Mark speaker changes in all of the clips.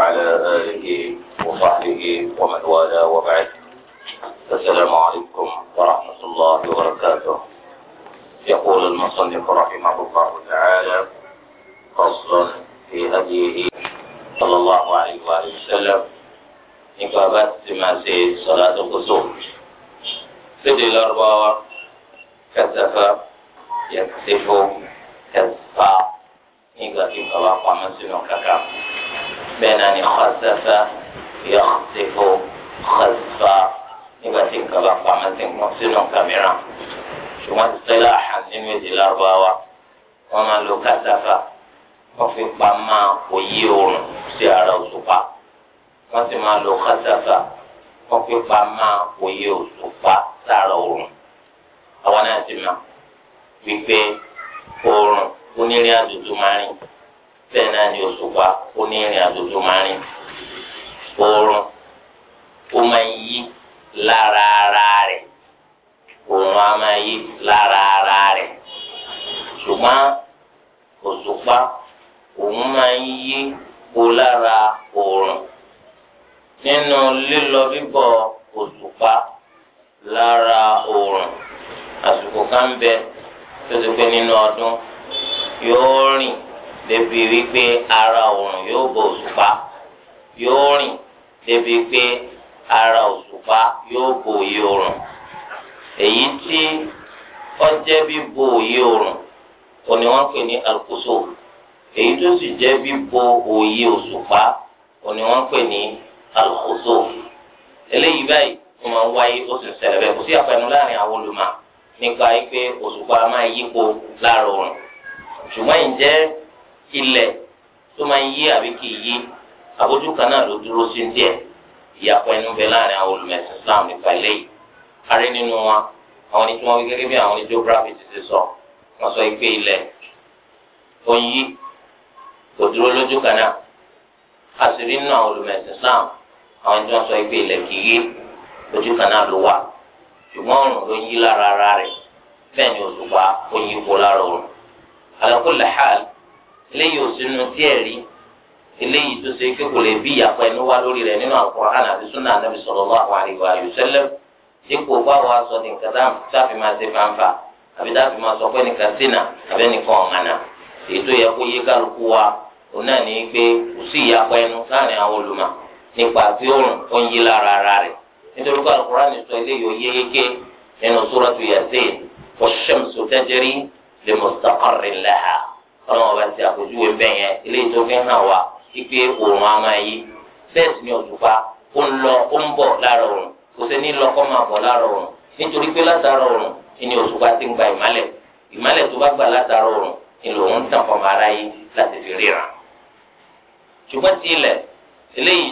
Speaker 1: وعلى آله وصحبه ومن والاه وبعد السلام عليكم ورحمة الله وبركاته يقول المصنف رحمه الله تعالى فصل في هديه صلى الله عليه وآله وسلم إقامة ما في صلاة القصور سيدي الأربعة كثف يكسف كثف إذا في صلاة قامت sínú kàkà bẹ́ẹ̀ náà ni xasafa yaxsifo xasfa nígbà tí nǹkan bá pamọ́ sí nǹkan sínú nǹkan mìíràn ṣùgbọ́n tẹ́lá àhàndín méjì lárúbáwá wọ́n máa lo kásáfà wọ́n fi pamọ́ òye oòrùn sí ara òṣùpá wọ́n sì máa lo kásáfà wọ́n fi pamọ́ òye òṣùpá sára oòrùn àwọn náà ti mọ̀ wípé oòrùn onírìn àjò tó máa rìn bẹ́ẹ̀ náà ni òṣùpá ó ní ìrìn àjò tó máa rìn oorun ó máa ń yí lára ara rẹ̀ oorun á máa yí lára ara rẹ̀ ṣùgbọ́n òṣùpá òun máa ń yí po lára oorun nínú lílọ bíbọ̀ òṣùpá lára oorun àsìkò kan bẹ tó ti pé nínú ọdún yóò rìn débi wípé ara òòrùn yóò bo òṣùpá yóò rìn débi pé ara òṣùpá yóò bo òye òòrùn èyí tí ọjẹ́ bí bo òye òòrùn òní wọ́n pè ní alùpùpù èyí tó sì jẹ́ bí bo òye òṣùpá òní wọ́n pè ní alùpùpù eléyìí báyìí tó máa ń wáyé ó sì ń ṣẹlẹ̀ bẹ́ẹ̀ kò sí àpẹnu láàrin àwọn olùmọ̀ nípa pé òṣùpá máa yípo láàrọ̀ òòrùn ṣùgbọ́n ìjẹ́ ilẹ̀ tó máa ń yí àbí kì í yí àbójú náà ló dúró sí díẹ̀ ìyàpọ̀ ẹnu bẹ láàrin àwọn olùmẹ̀sìn Islam nípa ilé yìí arí nínú wa àwọn ẹni tí wọ́n gẹ́gẹ́ bí àwọn geography ti ti sọ wọ́n sọ pé ilẹ̀ ó ń yí kò dúró lójú kan náà a nínú àwọn olùmẹ̀sìn Islam àwọn ẹni tí wọ́n sọ ilẹ̀ kì í yí lójú kan náà ló wà eléyìí ò sínú tíẹ̀ rí eléyìí tó ṣe pé kò lè bí ìyàpọ̀ ẹnu wá lórí rẹ̀ nínú Al-Qur'an àti súnà Ànábì sallallahu alaihi wa sallam dípò báwo a sọ nìkan táfi máa ṣe fanfa àbí táfi máa sọ pé nìkan sínà àbí nìkan ọ̀hánà ètò yẹ kó yé kálukú wa òun náà ní pé kò sí ìyàpọ̀ ẹnu láàrin àwọn olùmọ̀ nípa tí òrùn ó ń yí lára ara rẹ̀ nítorí pé al ọlọ́wọ́n bá ti àpèjúwe bẹ́ẹ̀ yẹn eléyìí tó fi hàn wá ipe òòrùn a máa yí bẹ́ẹ̀ sì ni òṣùpá ó ń lọ ó ń bọ̀ lára òòrùn kò sí ní lọ kọ́ máa bọ̀ lára òòrùn nítorí pé látara òòrùn ni òṣùpá ti ń gba ìmálẹ̀ ìmálẹ̀ tó bá gbà látara òòrùn ni lòun ń tàn fọmọ láti fi ríran ṣùgbọ́n ti ilẹ̀ eléyìí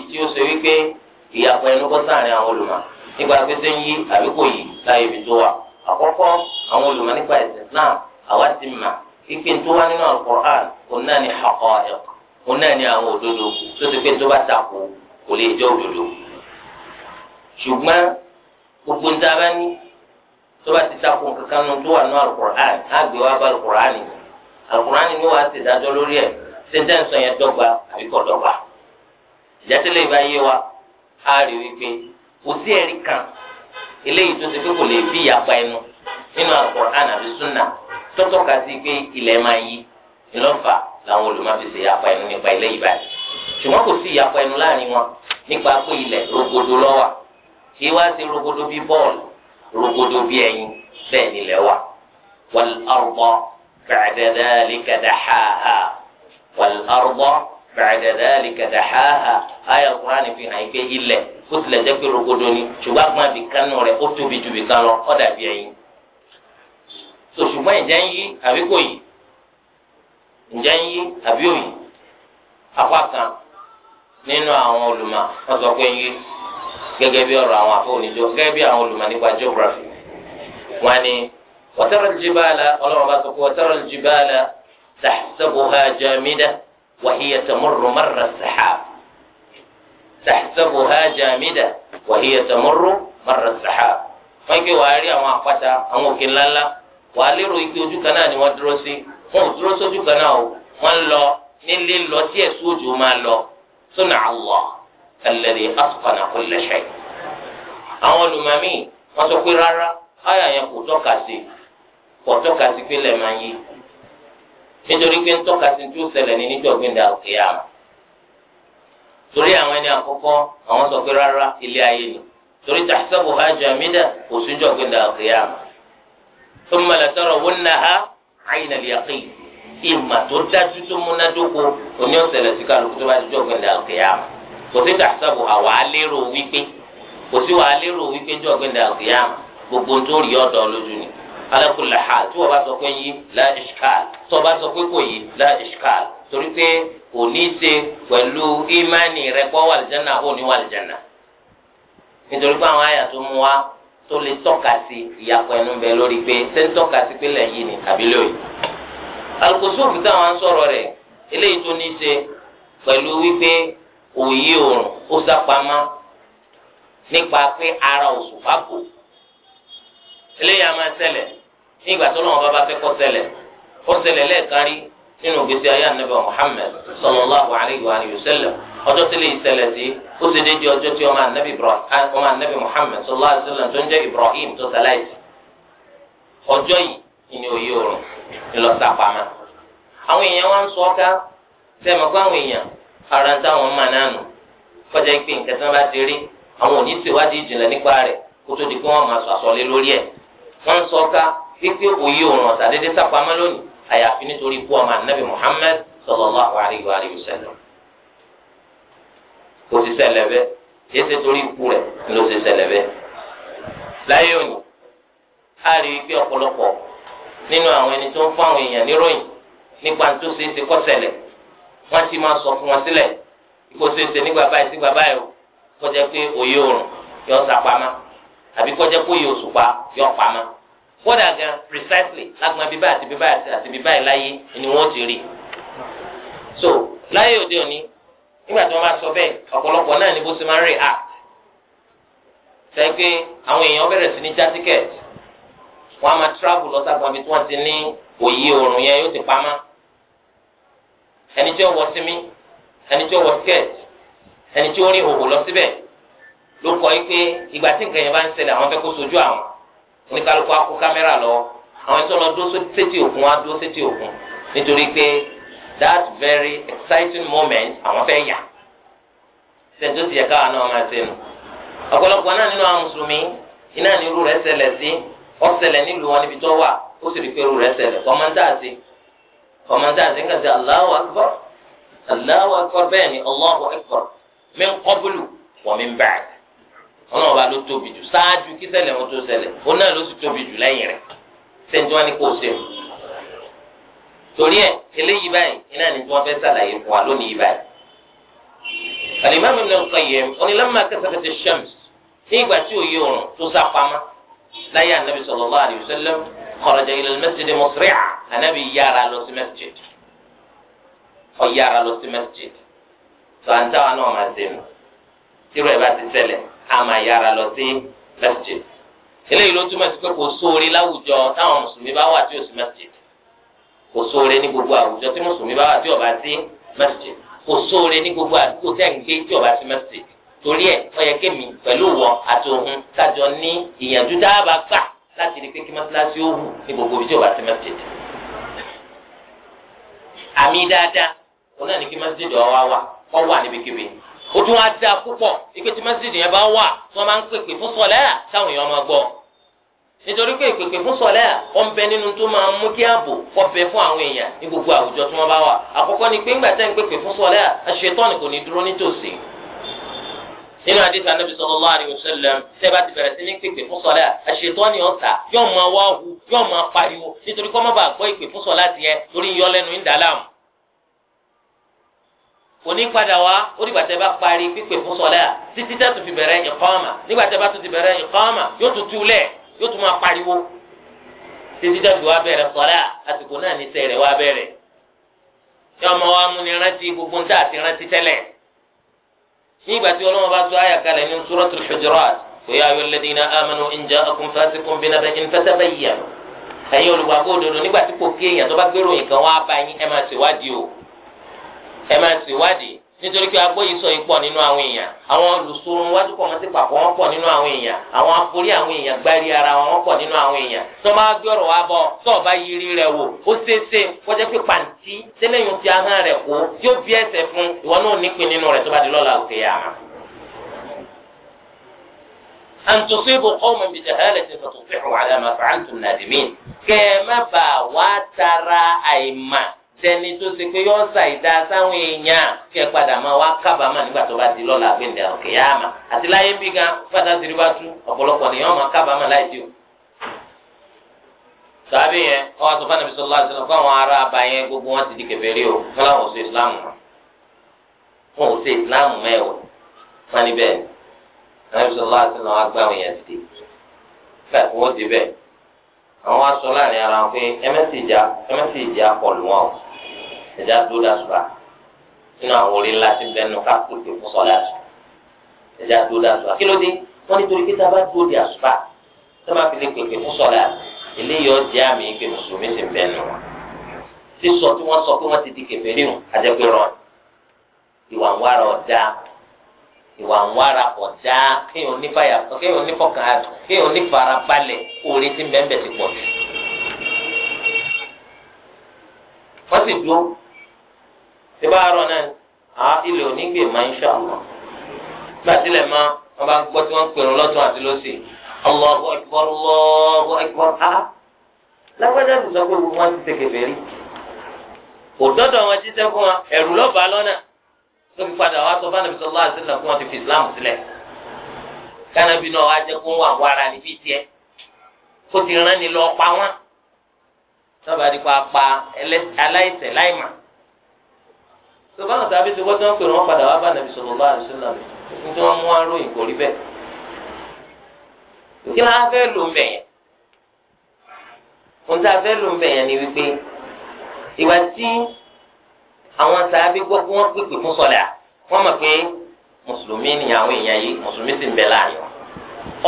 Speaker 1: ìpín tó wá nínú alukur'an òun náà ni haqa'iq òun náà ni àwọn òdodo tó ti pé tó bá takò kò lè jẹ́ òdodo ṣùgbọ́n gbogbo níta bá ní tó bá ti takò kankan nu tó wà nínú alukur'an á gbé wá bá alukur'an ni alukur'an ni wọ́n ti dájọ́ lórí ẹ̀ ṣé jẹ́ nsọ àbí kò dọ́gba ìjátẹ́lẹ̀ ìbá yé wa á rí wípé kò sí ẹ̀rí kan eléyìí tó ti pé kò lè bí ìyapa ẹnu nínú alukur'an àbí sunna tọ́tọ́ ka sí pé ilẹ̀ máa yí ìlọ́fà làwọn olùmọ̀fẹsẹ̀ yapa ẹnu nípa ilé yìí báyìí ṣùgbọ́n kò sí ìyapa ẹnu láàrin wọn nípa pé ilẹ̀ rogodo lọ́wà kí wá sí rogodo bí bọ́ọ̀lù rogodo bí ẹyin bẹ́ẹ̀ nílẹ̀ wà wal arda ba'da dhalika dahaha wal arda ba'da dhalika dahaha ayọ̀ kúránì fi hàn pé ilẹ̀ kó tilẹ̀ jẹ́ pé rogodo ni ṣùgbọ́n àgbọn àbíkánú rẹ̀ ó tóbi ju bìkan lọ ó dàbí ẹyin so ṣùgbọ́n ìjẹ́ ń yí àbí kò yí ìjẹ́ ń yí àbí ò yí apá kan nínú àwọn olùmọ̀ wọ́n sọ pé ń yí gẹ́gẹ́ bí ọ̀rọ̀ àwọn afọ́nìjọ gẹ́gẹ́ bí àwọn olùmọ̀ nípa geography wọn ni wọ́tẹ́rọ̀ jìbáàlà ọlọ́run bá sọ pé wọ́tẹ́rọ̀ jìbáàlà tahsabuha jamida wa hiya tamurru marra sahab tahsabuha jamida wa hiya tamurru marra sahab wọ́n gbé wàá àwọn àpáta àwọn òkè ńláńlá Wa lérò ipe ojú kan náà ni wọ́n dúró sí wọn ò dúró sójú kan náà o wọ́n lọ nílé lọ tí ẹ̀sùn òjò máa lọ sunna Allah alladhi atqana kulla shay. àwọn olùmọ̀mí wọ́n sọ pé rárá àyà yẹn kò tọ́ka sí kò tọ́ka sí pé lẹ́ẹ̀ máa yé nítorí pé ń tọ́ka sí tí ó ní níjọ́gbìndà òkè àmọ́ torí àwọn ẹni àkọ́kọ́ àwọn sọ pé rárá thumma latarawunnaha ayna al-yaqin ìmà tó dájú tó múnádóko òní ọ̀sẹ̀lẹ̀ sí kálukú tó bá ti jọ́ gbẹ̀ndẹ̀ àkìyàmù kò sí tàṣàbò àwa lérò wípé kò sí wàá lérò wípé jọ́ gbẹ̀ndẹ̀ àkìyàmù gbogbo tó rí ọ̀dọ̀ lójú ni alákùlẹ̀ ha tí wọ́n bá sọ pé yí la ishkal tí wọ́n bá sọ pé kò yí la ishkal torí pé kò ní í ṣe pẹ̀lú ìmánì rẹ̀ pọ̀ wàlìjánà àbò ní wàlìjánà nítorí pé àwọn àyà tó mú wa tó lè tọ́ka sí ìyàpọ̀ ẹnu bẹ lórí pé ṣé ń tọ́ka sí pé lẹ́yìn ni àbí lóyè. alukosuf táwọn ń sọ̀rọ̀ rẹ̀ eléyìí tó ní í ṣe pẹ̀lú wípé òye òrùn ó sápamọ́ nípa pé ara òṣùpá kò eléyìí a máa ṣẹlẹ̀ ní ìgbà tó lọ́wọ́ bá bá fẹ́ kó ṣẹlẹ̀ ó ṣẹlẹ̀ lẹ́ẹ̀kan rí nínú ìgbésí ayé ànábì Muhammad sallallahu alayhi wa ọjọ́ tí lè ṣẹlẹ̀ sí ó ti dé di ọjọ́ tí ọmọ anabi ibrahim ọmọ anabi muhammed sallallahu alayhi wa sallam tó ń jẹ́ ibrahim tó ṣaláìsí ọjọ́ yìí ni òye òrùn ńlọsàpamọ́ àwọn èèyàn wá ń sọ ọ́ká sẹ́mi kó àwọn èèyàn ara ń táwọn máa nánu kọjá ìpè nǹkan tí wọ́n bá ti rí àwọn òní ṣèwádìí ìjìnlẹ̀ nípa rẹ̀ kó tó di pé wọ́n máa sọ àsọlé lórí ẹ̀ wọ́n ń sọ ọ́ká wípé òye òrùn ọ̀sà déédéé sàpamọ́ lónìí àyàfi nítorí ikú ọmọ anabi muhammed sallallahu alayhi wa sallam kò sì ṣẹlẹ̀ bẹ́ẹ̀ yé ṣe torí ikú rẹ̀ ló sì ṣẹlẹ̀ bẹ́ẹ̀. láyé òní a rí i pé ọ̀pọ̀lọpọ̀ nínú àwọn ẹni tó ń fún àwọn èèyàn níròyìn nípa tó ṣe é ṣe kó ṣẹlẹ̀ wọ́n ti máa sọ fún wọn sílẹ̀ kó ṣe é ṣe nígbà báyìí sígbà báyìí o kó jẹ́ pé òye òrùn yọ sàpamọ́ àbí kó jẹ́ pé òye òṣùpá yọ pamọ́ kódà gan precisely lágbọn bíbá àti bíbá àti bíbá ìláyé ni wọ́n ti rí so láyé òde òní nígbà tí wọ́n bá sọ bẹ́ẹ̀ ọ̀pọ̀lọpọ̀ náà ni bó ṣe máa ń rìn à sẹ́yìn pé àwọn èèyàn bẹ̀rẹ̀ sí ní já tíkẹ́ẹ̀tì wọ́n á máa travel lọ sábà bí wọ́n ti ní òye oòrùn yẹn yóò ti pamá ẹni tí ó wọ sinmi ẹni tí ó wọ skẹ́ẹ̀tì ẹni tí ó rí ìhòhò lọ síbẹ̀ ló kọ́ yí pé ìgbà tí nǹkan yẹn bá ń ṣẹlẹ̀ àwọn fẹ́ kó sojú àwọn oníkálukú á kó kámẹ́rà lọ àwọn ẹni tó lọ dúró sétí òkun á dúró sétí òkun nítorí pé that very exciting moment àwọn fẹ́ yà sẹ́ńtò tiẹ̀ káwọn náà máa ṣe nù ọ̀pọ̀lọpọ̀ náà nínú àwọn mùsùlùmí iná ní irú rẹ̀ ṣẹlẹ̀ sí ọ̀ṣẹlẹ̀ nílùú wọn níbi tó wà ó sì rí pé irú rẹ̀ ṣẹlẹ̀ bẹ́ẹ̀ ni Allahu akbar min qablu wa min ba'd wọn náà wà ló tóbi jù ṣáájú kí ṣẹlẹ̀ wọn tó ṣẹlẹ̀ náà ló sì tóbi jù lẹ́yìn rẹ̀ sẹ́ńtò torí ẹ eléyìí báyìí iná ní tí wọn fẹẹ sàlàyé fún wa lónìí báyìí. Al-Imam Ibn Al-Qayyim ó ní lamma kasafat ash-shams ní ìgbà tí òye òrùn tó sá pamọ́ láyé anabi sallallahu alayhi wa sallam kharaja ila al-masjid musri'a anabi yára lọ sí masjid ọ yára lọ sí masjid tó à ń táwọn náà máa ṣe nù tírò ẹ bá ti ṣẹlẹ̀ a máa yára lọ sí masjid eléyìí ló túmọ̀ sí pé kò sóore láwùjọ táwọn mùsùlùmí bá wà tí ò sí masjid kò sóore ní gbogbo àwùjọ tí mùsùlùmí bá wà tí ọba sí mẹsìtì kò sóore ní gbogbo àdúgbò tẹ̀ ń gbé tí ọba sí mẹsìtì torí ẹ̀ ọyẹ kémi pẹ̀lú wọn àti òun kájọ ní ìyànjú dáàbà gbà láti rí pé kí mọ́tíláṣí ó wù ní gbogbo ibi tí ọba sí mẹsìtì. àmì dáadáa òun náà ní kí mẹsìtì ọwọ́ wà ọ wà níbikíbi ó tún wá dáa púpọ̀ ìpè tí mẹsìtì yẹn bá wà tí wọ́n máa ń pèpè fún sọ̀lẹ́ nítorí pé ìpèpè fún sọlẹ ọ̀nbẹ nínú tó máa mú kí ààbò kọfẹ fún àwọn èèyàn ní gbogbo àwùjọ tí wọ́n bá wà àkọ́kọ́ ni pé ńgbà tẹ́ ń pèpè fún sọlẹ àṣetọ́ni kò ní dúró nítòsí nínú àdìsá nàbì sallallahu alaihi wasallam tẹ́ bá ti bẹ̀rẹ̀ sí ní pèpè fún sọlẹ àṣetọ́ni ọ̀tà yóò máa wá hu yóò máa pariwo nítorí kọ́ má bàa gbọ́ ìpè fún sọlá tiẹ̀ torí yọlẹ́nu ń dàlámù òní padà wá ó tẹ bá parí pípé fún sọlẹ́ títí tẹ́ tún fi bẹ̀rẹ̀ ìkọ́ọ̀mà nígbà tẹ bá tún ti bẹ̀rẹ̀ ìkọ́ọ̀mà yóò tún túlẹ̀ yóò tún máa pariwo títí dàbí wàá bẹ̀rẹ̀ sọ́lá àsìkò náà ní sẹ̀rẹ̀ wàá bẹ̀rẹ̀ yọ ọmọ wa mú ni rántí gbogbo níta àti rántí tẹ́lẹ̀ ní ìgbà tí ọlọ́wọ́ bá tó àyà kalẹ̀ ní suratul hujurat ya ayyuhal ladina amanu in ja'akum fasiqun binaba'in fatabayyanu ẹ̀yin olùgbàgbọ́ òdodo nígbà tí kò kéèyàn tó bá gbèrò yìí kan wá bá yín ẹ máa ṣèwádìí o ẹ máa ṣèwádìí nítorí pé agbóyè sọ yìí pọ̀ nínú àwọn èèyàn àwọn olùsòrò wájú pọ̀ wọn ti pàpọ̀ wọn pọ̀ nínú àwọn èèyàn àwọn aforí àwọn èèyàn gbárí ara wọn pọ̀ nínú àwọn èèyàn tó máa wa bọ̀ tó yiri rẹ̀ wò ó ṣeéṣe kọjá pé pàǹtí tẹ́lẹ̀yìn ti ahọ́n rẹ̀ kó yóò bí ẹsẹ̀ fún ìwọ náà nípìn nínú rẹ̀ tó bá di lọ́la òkè yà á. أن تصيبوا قوما بجهالة فتصبحوا على ما فعلتم نادمين كما بواتر أيمان tẹni tó ṣe pé yọ ṣà ìdá sáwọn èèyàn kẹ padà máa wá kábàámà nígbà tó bá di lọ́la gbẹ̀ndẹ̀ òkè yá àmà àti láyé bí gan tú ọ̀pọ̀lọpọ̀ máa kábàámà láì o. sàbí yẹn ọwọ́ àtúntò fún àbísọ̀ lọ́wọ́ àtúntò fún àwọn ará yẹn gbogbo wọn ti di o wọn ò islam mọ́ wọn ò islam mẹ́wọ̀ wọn ni bẹ́ẹ̀ àbísọ̀ lọ́wọ́ wọn ara ẹ̀já dúró dàsùrà sínú àwọn orí ńlá tí ń bẹ́ẹ̀ nù ká pèpè fún sọ̀lá sùn ẹ̀já dúró dàsùrà kí ló dé wọ́n nítorí pé tá a bá dúró di àsùrà tó máa fi lè pèpè fún sọ̀lá eléyìí ọjà àmì ìpè mùsùlùmí sì ń bẹ́ẹ̀ nù wọn sísọ tí wọ́n sọ pé wọ́n ti di kèfèrí hùn àjẹpẹ́rọ̀ ìwà ń wára ọ̀dà ìwà ń wára ọ̀dá kéèyàn onífàyà kéèyàn onífọkàn kéèyàn onífarabalẹ̀ orí tí bẹ́ẹ̀ bẹ́ẹ̀ ti pọ̀ jù. wọ́n sì dúró tí bá rọ náà á ilẹ̀ onígbè máa ń ṣà wọ́n. gbàtílẹ̀ máa wọn bá gbọ́ tí wọ́n ń pèrò lọ́tún àti lọ́sì Allahu akbar Allahu akbar á. lágbájá ló sọ pé gbogbo wọn ti tẹ̀kẹ̀
Speaker 2: fẹ́ rí.
Speaker 3: kò dọ́dọ̀
Speaker 1: wọn jíṣẹ́ fún wa ẹ̀rù lọ́ba lọ́nà tó fi padà wá sọ fún àdàbí sọlá àti sílẹ̀ fún wọn ti fi Islam sílẹ̀. kánábì náà wá jẹ́ kó wà wàrà níbi tiẹ̀ kó ti rán ni lọ pa wọn sábà di pa pa aláìṣẹ̀ láìmọ̀ tó bá wọn sábẹ́ ti wọ́n tó ń pèrò wọn padà wá bá nàbì sọ̀rọ̀ bá àdìsọ́nà mi ní tí wọ́n mú wọn ròyìn kò rí bẹ́ẹ̀. kí ló ń fẹ́ lò ń bẹ̀yẹn ohun tá a fẹ́ lò ń bẹ̀yẹn ni wípé ìwà tí àwọn sábẹ́ gbọ́ pé wọ́n pèpè fún sọ̀dà wọ́n mọ̀ pé mùsùlùmí ni àwọn èèyàn yìí mùsùlùmí sì ń bẹ láàyò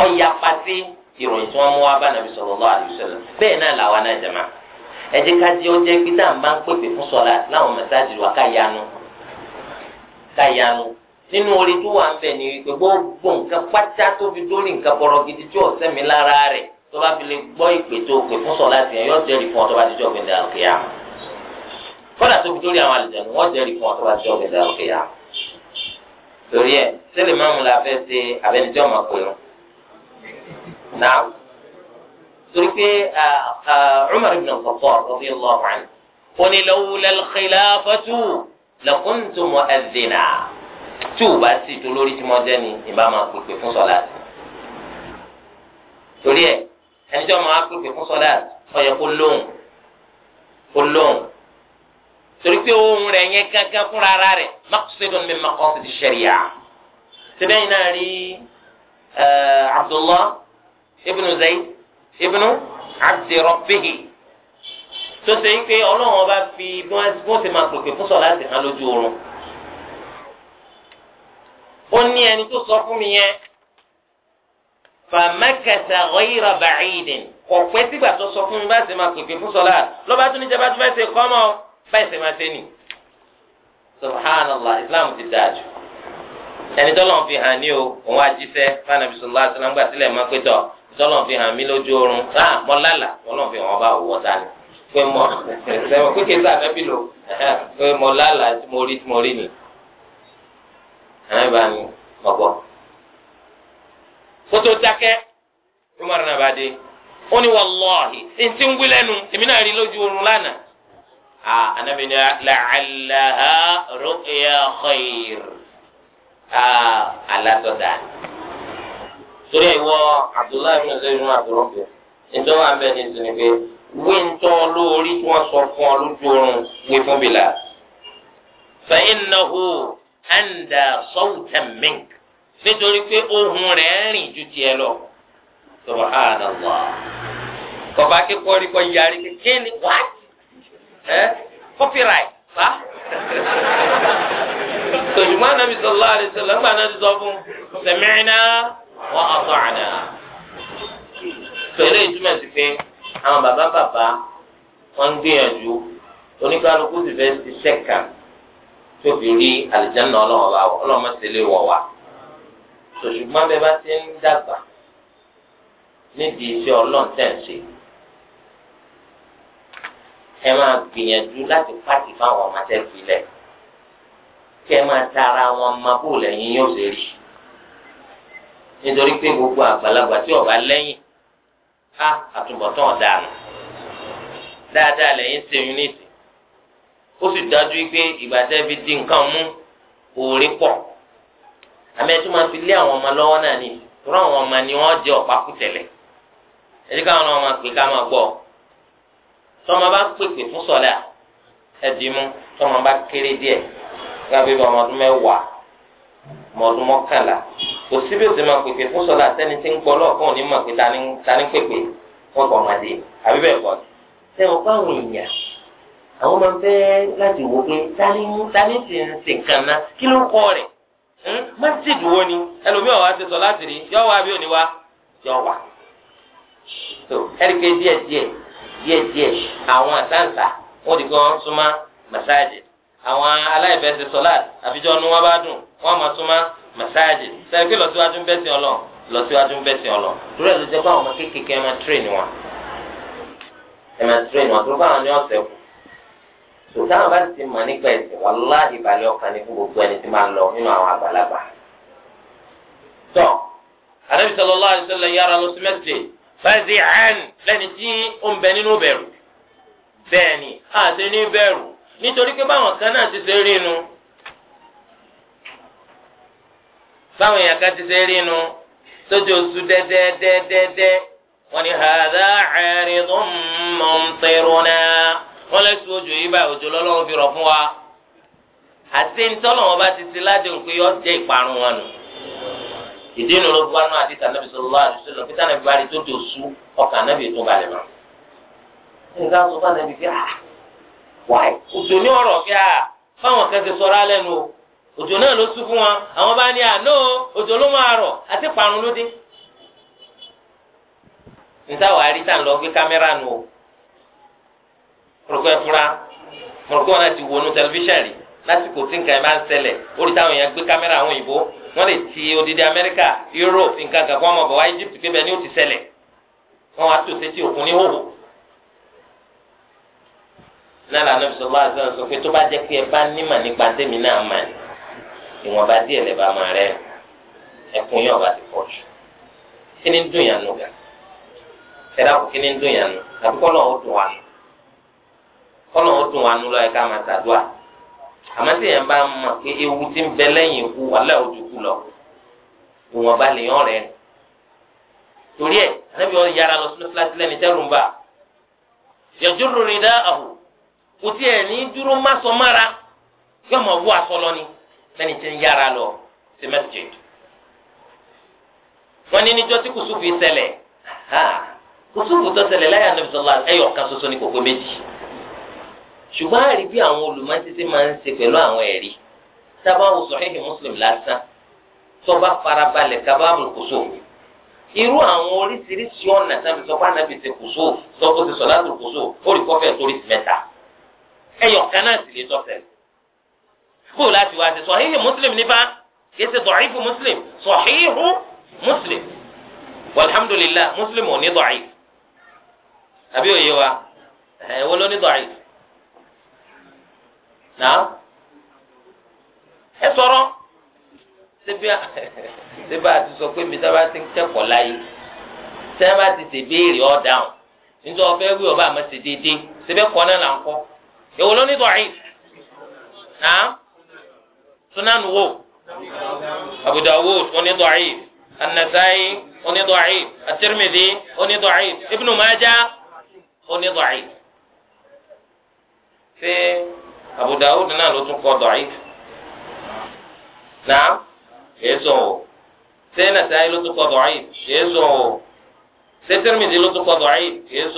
Speaker 1: ọ̀yà pàtí ìròyìn tí wọ́n mú wá bá nàbì sallallahu alaihi wasallam káyanu nínú orí tó wà ń bẹ ní wípé gbogbo nǹkan pátá tó fi dórí nǹkan bọ̀rọ̀ gidi tí ọ̀sẹ̀ mi lára rẹ̀ tó bá fi lè gbọ́ ìpè tó pè fún sọ láti yẹn yóò jẹ́rìí fún ọ tó bá ti jọ́ gbẹ̀dẹ̀ àkèyà kọ́dà tó fi dórí àwọn àlùjẹ̀nu wọ́n jẹ́rìí fún ọ tó bá ti jọ́ gbẹ̀dẹ̀ àkèyà torí ẹ̀ sẹ́lẹ̀ máa mú la fẹ́ ṣe abẹ́nijọ́ máa pè wọn. náà torí pé Umar ibn al-Khattab radiyallahu anhu lẹkùntù mọ ẹdínà tí o bá sì tó lórí tí mo jẹ ni ìbá máa pèpè fún sọlá torí ẹ ẹni tí wọn máa pèpè fún sọlá ọyẹ kó lóhùn kó lóhùn torí pé ohun rẹ yẹn gángan fúnra ara rẹ maqsidun min maqasidi sharia síbẹ̀ yìí náà rí eh, Abdullah ibnu Zayd ibnu abdi rabbihi tó ṣe ń pé ọlọ́run ọba fi bí wọ́n ti máa pèpè fún sọ̀lá ti hàn lójú oorun. ó ní ẹni tó sọ fún mi yẹn fàmákàtà ọ̀yìnrà bàáyìdìn kò pẹ́ sígbà tó sọ fún mi bá ti máa pèpè fún sọ̀lá lọ́ba tó ní jẹba tó fẹ́ ṣe kọ́mọ báyìí ṣe máa ṣe nì. subhanallah islam ti dáa jù ẹni tọ́lọ́run fi hàn ní o òun àjíṣẹ́ fanabi sọlá àti pé mọ sẹ́wọ̀n pé kéésà ànábì lò pé mọ lálà tí mo rí tí mo rí ni ànábì ni mọ bọ. kótó dákẹ́ Umar náà bá dé ó ní wàlláhi ntí ń wí lẹ́nu èmi náà rí lójú oorun lánàá. a anabi ni la'allaha ru'ya khair a alatọ dani. torí ìwọ abdullahi bin zayd bin abdulrahman nítorí wọn abẹ ní sinipé wí ń tọ́ lórí tí wọ́n sọ fún ọ lójú oorun wí fún bìlà. fa innahu anda sawtan mink nítorí pé ohun rẹ̀ ń rìn ju tiẹ̀ lọ. subhanallah kọba akẹ́kọ̀ọ́ rí kọ́ yarí kékeré what ẹ copyright fa
Speaker 2: tòjúmọ́ anabi sallallahu
Speaker 1: alayhi wa sallam gba sọ fún sami'na wa ata'na. tẹ̀lé ìtumọ̀ sí pé àwọn bàbá bàbá wọn ń gbìyànjú oníkálukú sì fẹ́ ṣiṣẹ́ kan
Speaker 2: tó fi rí àlìjáná ọlọ́wọ́
Speaker 1: bá wọ ọlọ́mọ tẹ̀lé wọ̀ wá ṣùgbọ́n bẹ́ẹ̀ bá ti ń dàgbà nídìí iṣẹ́ ọlọ́ọ̀tẹ̀ǹṣe ẹ máa gbìyànjú láti pàtì fáwọn ọmọọtẹ́sí lẹ̀ kí ẹ máa tara wọn máa bò lẹ́yìn yóò ṣe rí nítorí pé gbogbo àgbàlagbà tí ọba lẹ́yìn á àtúbọ̀tán ọ̀daràn dáadáa lẹ́yìn sẹ́yìn nísì ó sì dájú pé ìgbà tẹ́ fi di nǹkan mú òòrè pọ̀ àmì ẹ̀tún máa fi lé àwọn ọmọ lọ́wọ́ náà ni tọ́lá àwọn ọmọ ni wọ́n jẹ́ ọ̀pá kùtẹ̀lẹ̀ ẹ̀dí káwọn ọmọ pè ká máa gbọ́ tọ́mọ bá pèpè fún sọ́lá ẹ̀dìmú tọ́mọ bá kéré díẹ̀ gbàgbé ọmọ mẹ́wàá ọmọ mọ́kànlá kò síbi òsè máa pèpè fún sọlá sẹni tí ń mọ̀ pé tani pèpè wọn kọ ọmọdé àbí bẹ́ẹ̀ kọ́ àwọn èèyàn àwọn máa ń fẹ́ láti wò pé tani tani ti ń ná kí ló rẹ̀ hm? wo ni ẹlòmíràn wá ti sọ láti rí yọ wá bí wá yọ wá díẹ̀ díẹ̀ díẹ̀ masaji sẹ́yìn pé lọ́síwájú ń bẹ́sìn ọlọ́ lọ́síwájú ń bẹ́sìn ọlọ́ torí ẹ̀ ló jẹ́ pé àwọn ọmọ kéékèèké ẹ̀ máa tírèn wọn ẹ̀ máa tírèn wọn tó bá wọn ní ọ̀sẹ̀ kù tó táwọn bá ti mọ̀ nípa ẹ̀sìn wàláhì balẹ̀ ọkàn ní gbogbo ẹni tí máa lọ nínú àwọn àgbàlagbà. tọ́ àdébí sallallahu alaihi wasallam yára lọ sí mẹ́sìlẹ̀ fẹ́ẹ́sì ẹ̀ẹ́n lẹ́ni tí ó ń bẹ nínú bẹ̀rù bẹ́ẹ̀ ni àti ní bẹ̀rù nítorí pé báwọn kan náà ti ṣe rí inú báwọn èèyàn kan ti ṣe rí inú tójú oṣù dẹ́dẹ́dẹ́dẹ́dẹ́ wọ́n ní hàdá àrídùn mọ̀ntẹ́rùnà wọ́n lè sùn ojú yìí báyìí òjò lọ́lọ́run fi rọ̀ fún wa àti ntọ́nà bá ti ti ládùn pé yọ jẹ́ ìparun wọn nù ìdí inú ló gbọ́ náà àdìsá nàbì sallallahu alaihi wasallam bá rí tó oṣù ọkàn tó balẹ̀ òjò náà ló sún fún wọn àwọn bá ní àná òjò ló máa rọ̀ àti parun ló dé. níta wàá rí tá à ń lọ gbé kámẹ́rà nù o mọ̀rọ̀kọ́ ẹ fura mọ̀rọ̀kọ́ wọn ti wọnú tẹlifíṣàn rí lásìkò tí nǹkan ẹ bá ń ṣẹlẹ̀ orí táwọn èèyàn gbé kámẹ́rà àwọn òyìnbó wọ́n lè ti odidi Amẹ́ríkà Europe nǹkan kan kó wọn mọ̀ bọ̀ wá Egypt pé bẹ́ẹ̀ ni ó ti ṣẹlẹ̀ wọ́n wá tó sétí òkun ní hòhò náà lànà bisalòlá àti sọ pé tó bá jẹ́ pé ẹ bá nímọ̀ nípa tẹmí náà mà ní ìwọ̀nba díẹ̀ lè ba máa rẹ̀ ẹkún yóò bá ti pọ̀ jù kí ni dùn yàn nù gà ṣẹ̀dá kò kí ni dùn yàn nù àbí kọ́nà ó dùn wà nù kọ́nà ó dùn wà nù lọ́ọ́ ẹ̀ka máa ṣàdúrà àmọ́ tí èèyàn bá mọ̀ pé ewu ti ń bẹ lẹ́yìn ikú wàhálà ojú kú lọ ìwọ̀nba lèèyàn rẹ̀ torí ẹ̀ anábì wọn yára lọ sínú fúláṣí lẹ́ni tẹ́rù yọjú rúrin dá kò tiẹ̀ ní dúró má sọ mára yọmọ sẹ́ni tí ń yára lọ sí mẹ́sìgìd. wọ́n ní níjọ́ tí kùsùfù yìí ṣẹlẹ̀ kùsùfù tó ṣẹlẹ̀ láyà nàbì sọ́lá ẹ̀yọ̀ kan ṣoṣo ní kòkó méjì. ṣùgbọ́n àrí bí àwọn olùmọ́títí máa ń ṣe pẹ̀lú àwọn ẹ̀rí tábà wò sọ̀híhì mùsùlùmí lásán tó bá farabalẹ̀ kábàbù kùsùfù. irú àwọn oríṣiríṣi ọ̀nà sábì sọ́kọ́ ànábì ṣe kùsùfù sọ́kọ́ ṣe sọ̀lá bó láti wá sí sọ̀híhì muslim nípa kése dọ̀ìfù muslim sọ̀híhù muslim walhamdulillah muslim ò ní dọ̀ìf àbí òye wa ẹ̀ wọ́n ló ní dọ̀ìf náà ẹ sọ̀rọ̀ síbi àti sọ pé mi sábà ti ń kẹ́kọ̀ọ́ láyé sábà ti ṣèbéèrè ọ̀dáhùn nítorí ọ̀fẹ́ wí ọba àmọ́ ṣe déédéé síbẹ̀ kọ́ náà là ń kọ́ èwo ló ní dọ̀ìf náà sunan wo Abu Dawud oní da'if An-Nasa'i oní da'if At-Tirmidhi oní da'if Ibn Majah oní da'if ṣé Abu Dawud náà ló tún kọ da'if náà èyí sọ wò ṣé Nasa'i ló tún kọ da'if èyí sọ wò ṣé Tirmidhi ló tún kọ da'if èyí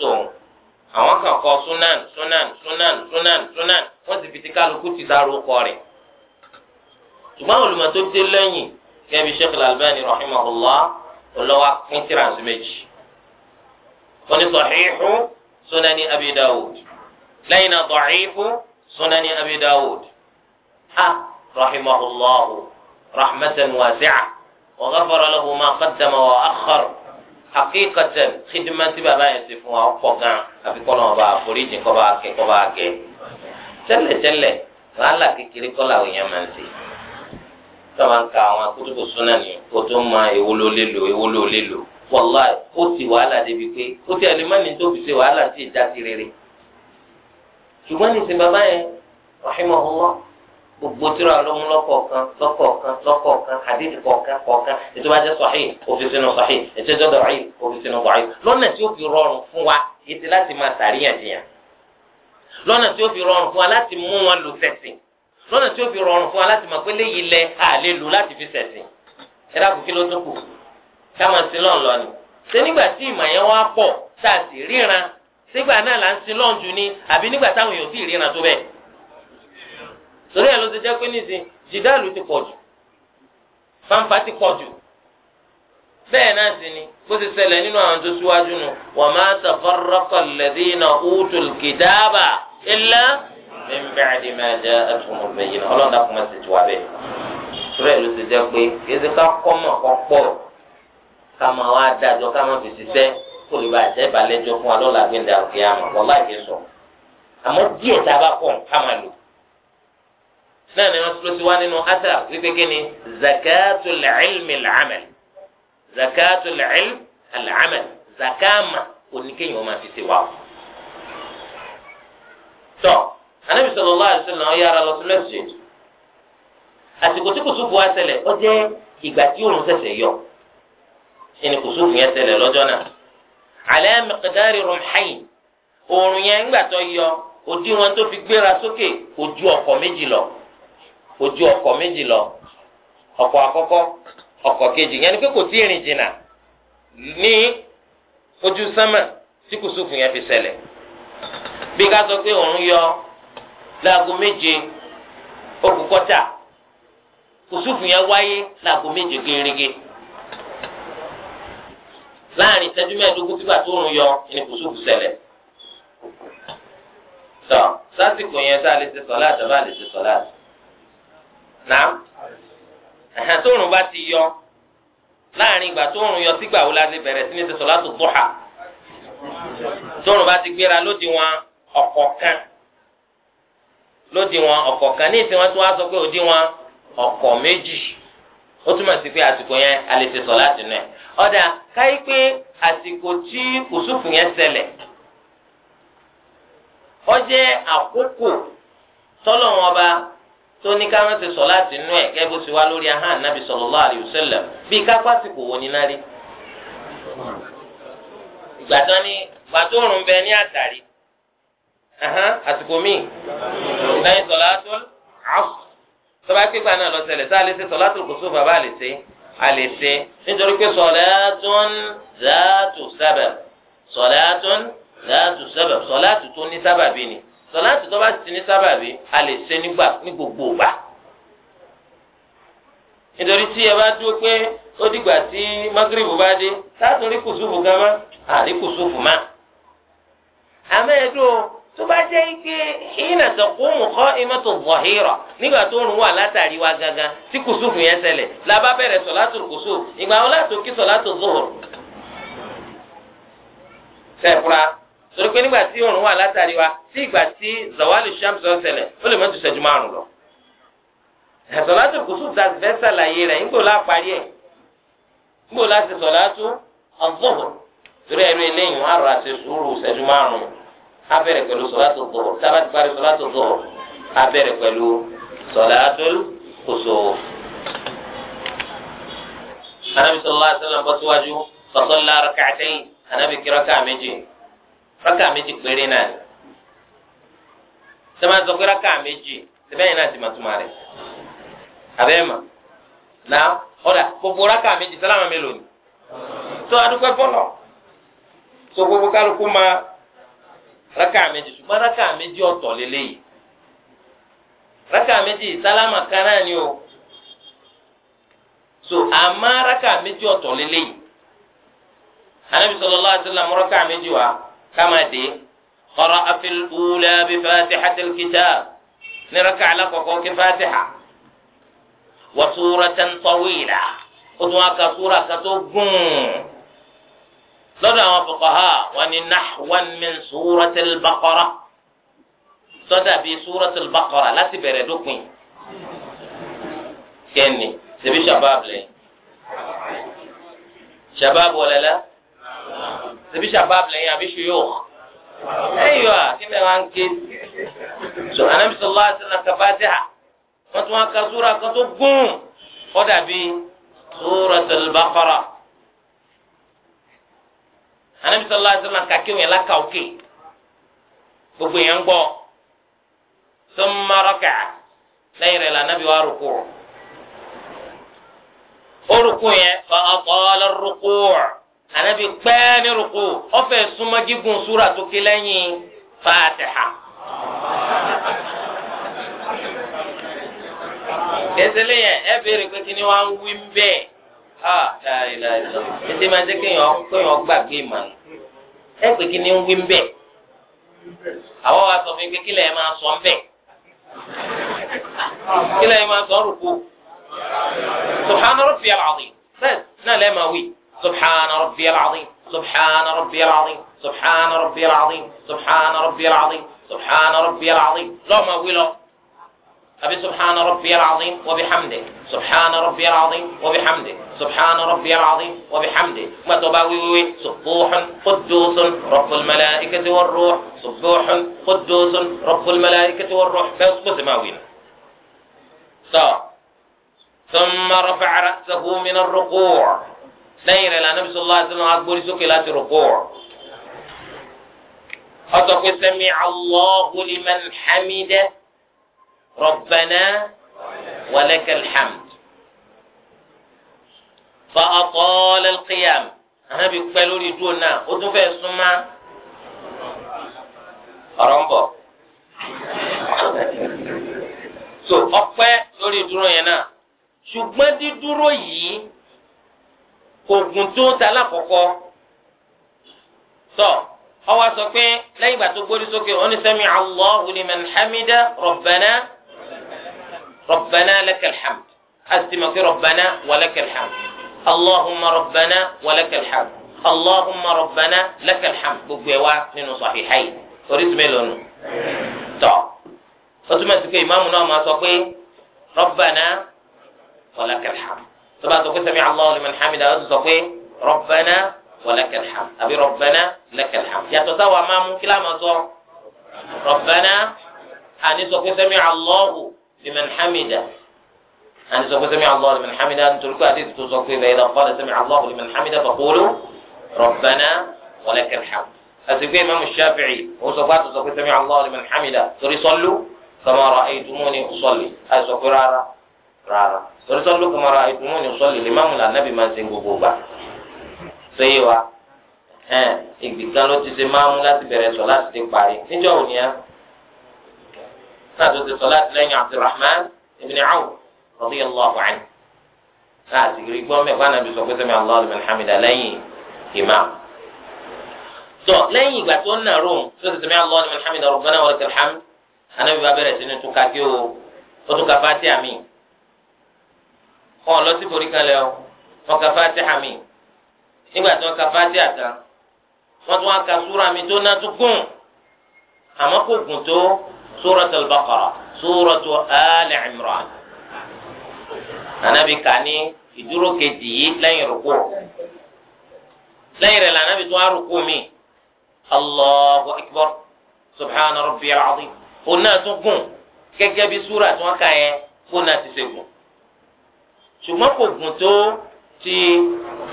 Speaker 1: sọ àwọn kan kọ sunan sunan sunan sunan sunan wọ́n ti fi ti kálukú ti dárò kọ rẹ̀ ṣùgbọ́n àwọn olùmọ̀ tó dé lẹ́yìn kẹ́bi Sheikh Al-Albani rahimahullah olówó pín tíransi méjì wọ́n ní sọ̀híhù sunani Abi Dawud lẹ́yìn náà dọ̀híhù sunani Abi Dawud ha rahimahullah rahmatan wasi'a wa ghafara lahu ma qaddama wa akhkhar hakikatan xidimati baba yẹn ti fún wa ọ̀pọ̀ gan àfi kọlọn ọba àforíjì kọba akẹ kọba akẹ tẹ́lẹ̀tẹ́lẹ̀ wàhálà kékeré kọ́ làwọn èèyàn máa ń ṣe tọ́wọ́ ń ka àwọn akótópò súnà ni kó tó ń ma èwo ló lè lò èwo ló lè lò wàllá ó ti wàhálà débi pé ó ti àlùmọ́ọ́nì tó fi ṣe wàhálà sí ìdá sí rere ṣùgbọ́n nìsín bàbá yẹn rahimahullah gbogbo tíra ló mú lọ́kọ̀ọ̀kan lọ́kọ̀ọ̀kan lọ́kọ̀ọ̀kan hadith kọ̀ọ̀kan kọ̀ọ̀kan ètò bá jẹ́ sahih òfin sínú sahih ètò ìjọba ọ̀hìn òfin sínú ọ̀hìn lọ́nà tí ó fi rọrùn fún wa ètò láti máa sàríyànjiyàn lọ́nà tí ó fi rọrùn fún wa láti mú wọn lò sẹ̀sìn lọ́nà tí ó fi rọrùn fún wa láti mọ̀ pé léyìí lẹ àlè lò láti fi sẹ̀sìn ẹ dákú kí ló tó kù káma sí lọ́n lọ ni ṣé nígbà tí ìmọ̀ yẹn wá pọ̀ tá a sì ríran sígbà náà là ń sin lọ́n jù ni àbí nígbà táwọn èèyàn sì ríran tó bẹ́ẹ̀ torí ẹ̀ ló ti jẹ́ pé nísìn jìdáàlú ti pọ̀ jù fáńfà ti pọ̀ jù bẹ́ẹ̀ náà sì ni bó ti ṣẹlẹ̀ nínú àwọn tó síwájú nu wa ma tafarraqa alladhina utul kitaba illa min ba'di ma ja'athumul bayyinah ọlọ́dà kò má ti tù wá bẹ́ẹ̀. sùrẹ́ ló ti jẹ́ pé kéde ká kọ́ mọ̀ kọ́ pọ̀ ká máa wá dájọ́ ká máa fi ṣiṣẹ́ kó lè bàa jẹ́ ìbàlẹ́jọ́ fún wa lọ́la gbẹ̀dẹ̀ àwòkè àmọ̀ wọ́lá ìfẹ́ sọ. àmọ́ díẹ̀ tá a bá kọ́ ká máa lò. náà ni wọ́n ti wá nínú ásà wípé kí ni zakatul ilmi al zakatul ilm al-amal zakama oníkéyìn wọn máa fi ṣe wà o. tọ́ anábì sallallahu alaihi wasallam yára lọ sí masjid àsìkò tí kùsùfù wá ṣẹlẹ̀ ó jẹ́ ìgbà tí òun ṣẹ̀ṣẹ̀ yọ ẹni kùsùfù yẹn ṣẹlẹ̀ lọ́jọ́ náà ala miqdari rumhayn òòrùn yẹn ńgbà tó yọ òdiwọ̀n tó fi gbéra sókè ojú ọkọ̀ méjì lọ ojú ọkọ̀ méjì lọ ọkọ̀ àkọ́kọ́ ọkọ̀ kejì yẹn ni pé kò tí ì rìn jìnnà ní ojú sánmà tí kùsùfù yẹn fi ṣẹlẹ̀ bí ká sọ pé òun yọ láago méje okùn kọ́tà kùsùfù yẹn wáyé láago méje gérégé láàrin ìṣẹ́jú mẹ́ẹ̀ẹ́dógún tí bàtà òun yọ ni kùsùfù ṣẹlẹ̀ tọ́ sásìkò yẹn tá a lè ṣe sọ́láàtì àbá lè ṣe sọ́láàtì náà ẹ̀hẹ́n tóòrùn bá ti yọ láàrin ìgbà tóòrùn yọ sígbà wo la ti bẹ̀rẹ̀ sí ní ti sọ̀látù dúhà tóòrùn bá ti gbéra lódì wọn ọ̀kọ̀ọ̀kan lódì wọn ọ̀kọ̀ọ̀kan ní ìsìn wọn tí wọ́n á sọ pé òdì wọn ọ̀kọ̀ méjì ó túmọ̀ sí pé àsìkò yẹn a lè ti sọ̀látù náà ọ̀dà káyí pé àsìkò tí kùsùfù yẹn ṣẹlẹ̀ ó jẹ́ àkókò tọ́lọ́wọ́n ọba tó ní ká má ṣe sọ̀láàtì nínú ẹ̀ kẹ́ bó ṣe wá lórí ahán nàbì sallallahu alaihi wasallam bí kápásìkò wo ni náà rí. ìgbà tán ni pàtó òrùn bẹ ní àtàrí àsìkò míì lẹ́yìn sọ̀láàtì àfọ̀ tọ́ba pípa náà lọ sẹlẹ̀ tá a lè ṣe sọ̀láàtì kòsó bàbá àlè ṣe àlè ṣe nítorí pé sọ̀láàtún zaatu sábàb sọ̀láàtún zaatu sábàb sọ̀láàtù tó ní sábàbí ni sọláàtì tó bá ti ní sábàbí a lè ṣe nígbà ní gbogbo ìgbà nítorí tí ẹ bá dúró pé ó dìgbà tí magrebu bá dé sáàtún rí kùsùfù gan mọ́ àrí kùsùfù má. àmọ́ ẹ̀dùn tó bá jẹ́ ike ìyínà tó kó mú kọ́ ìmọ̀tò bọ̀hírọ̀ nígbà tó rùn wà látàrí wa gangan tí kùsùfù yẹn ṣẹlẹ̀ làbá bẹ̀rẹ̀ sọ̀látò kùsùfù ìgbà wọn látò kí sọ̀látò zuhur. sẹ́kura torí pé nígbà tí òòrùn wà látàrí wa sí ìgbà tí zawali shams ọ̀sẹ̀lẹ̀ ó lè mọ́tò ṣẹ́jú márùn lọ. sọ̀látù kùsùf ta fẹ́ sàlàyé rẹ̀ ńgbò lá parí ẹ̀ ńgbò lá ti sọ̀látù ọ̀gbọ̀n torí ẹ̀rọ eléyìí wọn àrò àti sùúrù ṣẹ́jú márùn abẹ́rẹ̀ pẹ̀lú sọ̀látù ọ̀gbọ̀n tábà ti parí sọ̀látù ọ̀gbọ̀n abẹ́rẹ̀ pẹ̀lú sọ̀látù kùsùf. anábì sọ̀lá raka méjì péré náà ni sọ́mà sọ raka rákà méjì sẹ́bẹ̀yìn náà ti máa túmọ̀ rẹ̀ abẹ́ẹ̀ mà náà ọ̀dà gbogbo rákà méjì sálámà mélòó ni tó bọlọ tó gbogbo kálukú máa rákà méjì ṣùgbọ́n rákà méjì ọ̀tọ̀ lélẹ́yìí raka méjì sálámà kan ni o so àmọ́ rákà méjì ọ̀tọ̀ lélẹ́yìí Ànábì raka méjì wa. kámádé qara'a fil ula bi fatihatil kitab ní raka alákọ̀ọ́kọ́ kí fatiha wa suratan tawila ó tún wá ka súra kan tó gùn lọ́dọ̀ àwọn fuqaha wọn ni nahwan min suratil baqara sọ́dà bíi suratil baqara láti bẹ̀rẹ̀ dópin kẹ́ni ṣebí shabab lẹ́yìn shabab wọlé la. ṣebí shabab lẹ́yìn àbí ṣuyọ ẹyọ a kí lè ń ké so anabi sallallahu alaihi wasallam kabatiha wọn tún wá ka súra kan tó gún kódà bí suratul baqara anabi sallallahu alaihi wasallam kàkí wọn yẹn láka òkè gbogbo yẹn gbọ́ summa raka'a lẹ́yìn rẹ̀ lànàbí wa rúkú orúkú yẹn fa atala rúkú anabi pẹ́ ní ruku ọfẹ súnmọ́ gígùn súra tó ké lẹ́yìn fatiha. kẹsìlẹ yẹn ẹ béèrè pé kí ni wọn wí ń bẹ ẹsẹ máa jẹ kéèyàn kéèyàn gbàgbé ìmọ̀nà ẹ pé kí ni ń wí ń bẹ àwọn wa sọ fún mi pé kí ruku subhana rabbiyal azim bẹ́ẹ̀ náà lẹ́yìn máa سبحان ربي العظيم سبحان ربي العظيم سبحان ربي العظيم سبحان ربي العظيم سبحان ربي العظيم لما ويلو أبي سبحان ربي العظيم وبحمده سبحان ربي العظيم وبحمده سبحان ربي العظيم وبحمده ما تباوي سبوح قدوس رب الملائكة والروح سبوح قدوس رب الملائكة والروح فاصبت ماوينا سا ثم رفع رأسه من الركوع lẹ́yìn rẹ̀ lànà bisalòlá àtẹnum agbórí sókè láti rògbò ọ̀. ọ̀sọ̀ pé sẹ́mi Allahu liman hamide rabbana walakal hamd. fa atala al-qiyam ànábi pẹ́ lórí dúró náà ó tún fẹ́ súnmá ọ̀rọ̀ ń bọ̀. so ọpẹ́ lórí dúró yẹn náà ṣùgbọ́n dídúró yìí oògùn tó ń ta lákọ̀ọ́kọ́ sọ ọwọ́ sọ pé lẹ́yìn ìgbà tó gbórí sókè ó ní sami Allahu liman hamida rabbana rabbana lakal hamd asitimaki rabbana walakal hamd allahumma rabbana walakal hamd gbogbo ẹ wá nínú sahihai orísun mélòó nù tọ ó sí pé ìmáàmù náà máa sọ pé rabbana walakal طبعا تقول سمع الله لمن حمد أرض تقول ربنا ولك الحمد أبي ربنا لك الحمد يتزوى ما ممكن لما زور ربنا أني تقول سمع الله لمن حمد أني تقول سمع الله لمن حمد أن تلك أديت تقول إذا قال سمع الله لمن حمد فقولوا ربنا ولك الحمد أسفه إمام الشافعي هو صفات تقول سمع الله لمن حمد تري صلوا كما رأيتموني أصلي أسفه رارا رارا tọ́lọ́tọ́ ló kọ́mọ́ra ìtumọ̀ ní sọ́ọ̀lì lè má mú la nabi máa ń ṣe gbogbo gbà ṣé yé wa ìgbì kan ló ti ṣe máa mú láti bẹ̀rẹ̀ sọ láti ti parí níjọ́ òní ẹ náà tó ti sọ láti lẹ́yìn Abdurrahman ibn Awf radiyallahu anhu láti rí gbọ́n mẹ́fà náà bí sọ pé sẹ́mi Allahu liman hamida lẹ́yìn imam tọ́ lẹ́yìn ìgbà tó ń nà rome tó ti sẹ́mi Allahu liman hamida rabbana wa lakal hamd anábìbá bẹ̀rẹ̀ sí ni tó o ó tó ka wọn lọ sí forí kalẹ̀ o wọn ka fatiha mi nígbà tí wọn ka fatiha tán wọn tún wọn ka súra mi tó náà tún gùn àmọ́ kò gùn tó suratul baqara suratu ali imran anabi kà ní ìdúró kejì yìí lẹ́yìn rúkú lẹ́yìn rẹ̀ lànàbì tún arúkú mi allahu akbar subhana rabbiyal azim òun náà gùn gẹ́gẹ́ bí súra tí wọn kà yẹn fún náà ti ṣe gùn ṣùgbọ́n kò gùn tó ti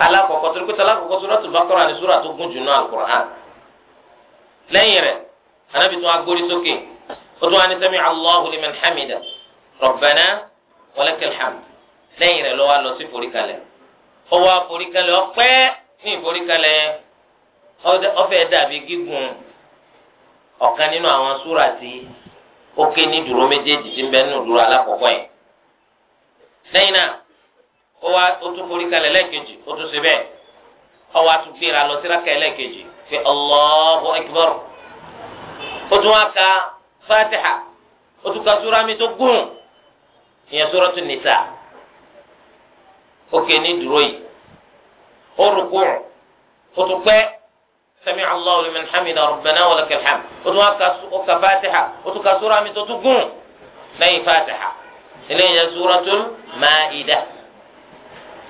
Speaker 1: alákọ̀ọ́kọ́ torí pé alákọ̀ọ́kọ́ Suratul Baqara ni sura tó gùn jù náà Al-Qur'an lẹ́yìn rẹ̀ anábì tún agbórí sókè ó tún wá ní sami'a Allahu liman hamida rabbana wa lakal hamd lẹ́yìn rẹ̀ ló wá lọ sí foríkalẹ̀ ó wá foríkalẹ̀ ọpẹ́ ní ìforíkalẹ̀ ọfẹ́ dàbí gígùn ọ̀kan nínú àwọn súrà tí ó ní dúró méjèèjì tí ń bẹ nínú dúró alákọ̀ọ́kọ́ yẹn lẹ́yìn náà ó wá ó tún forí kalẹ̀ lẹ́ẹ̀kejì ó tún ṣe bẹ́ẹ̀ ó wá tún gbéra lọ síraka lẹ́ẹ̀kejì fi Allahu Akbar ó tún wá ka fatiha ó tún ka sura mi tó gùn ìyẹn Suratu Nisa ó ké ní dúró yìí ó rúkú ó tún pẹ́. سمع الله لمن حمد ربنا ولك الحمد وتوكا فاتحة وتوكا سورة من تتقون لي فاتحة إليه سورة المائدة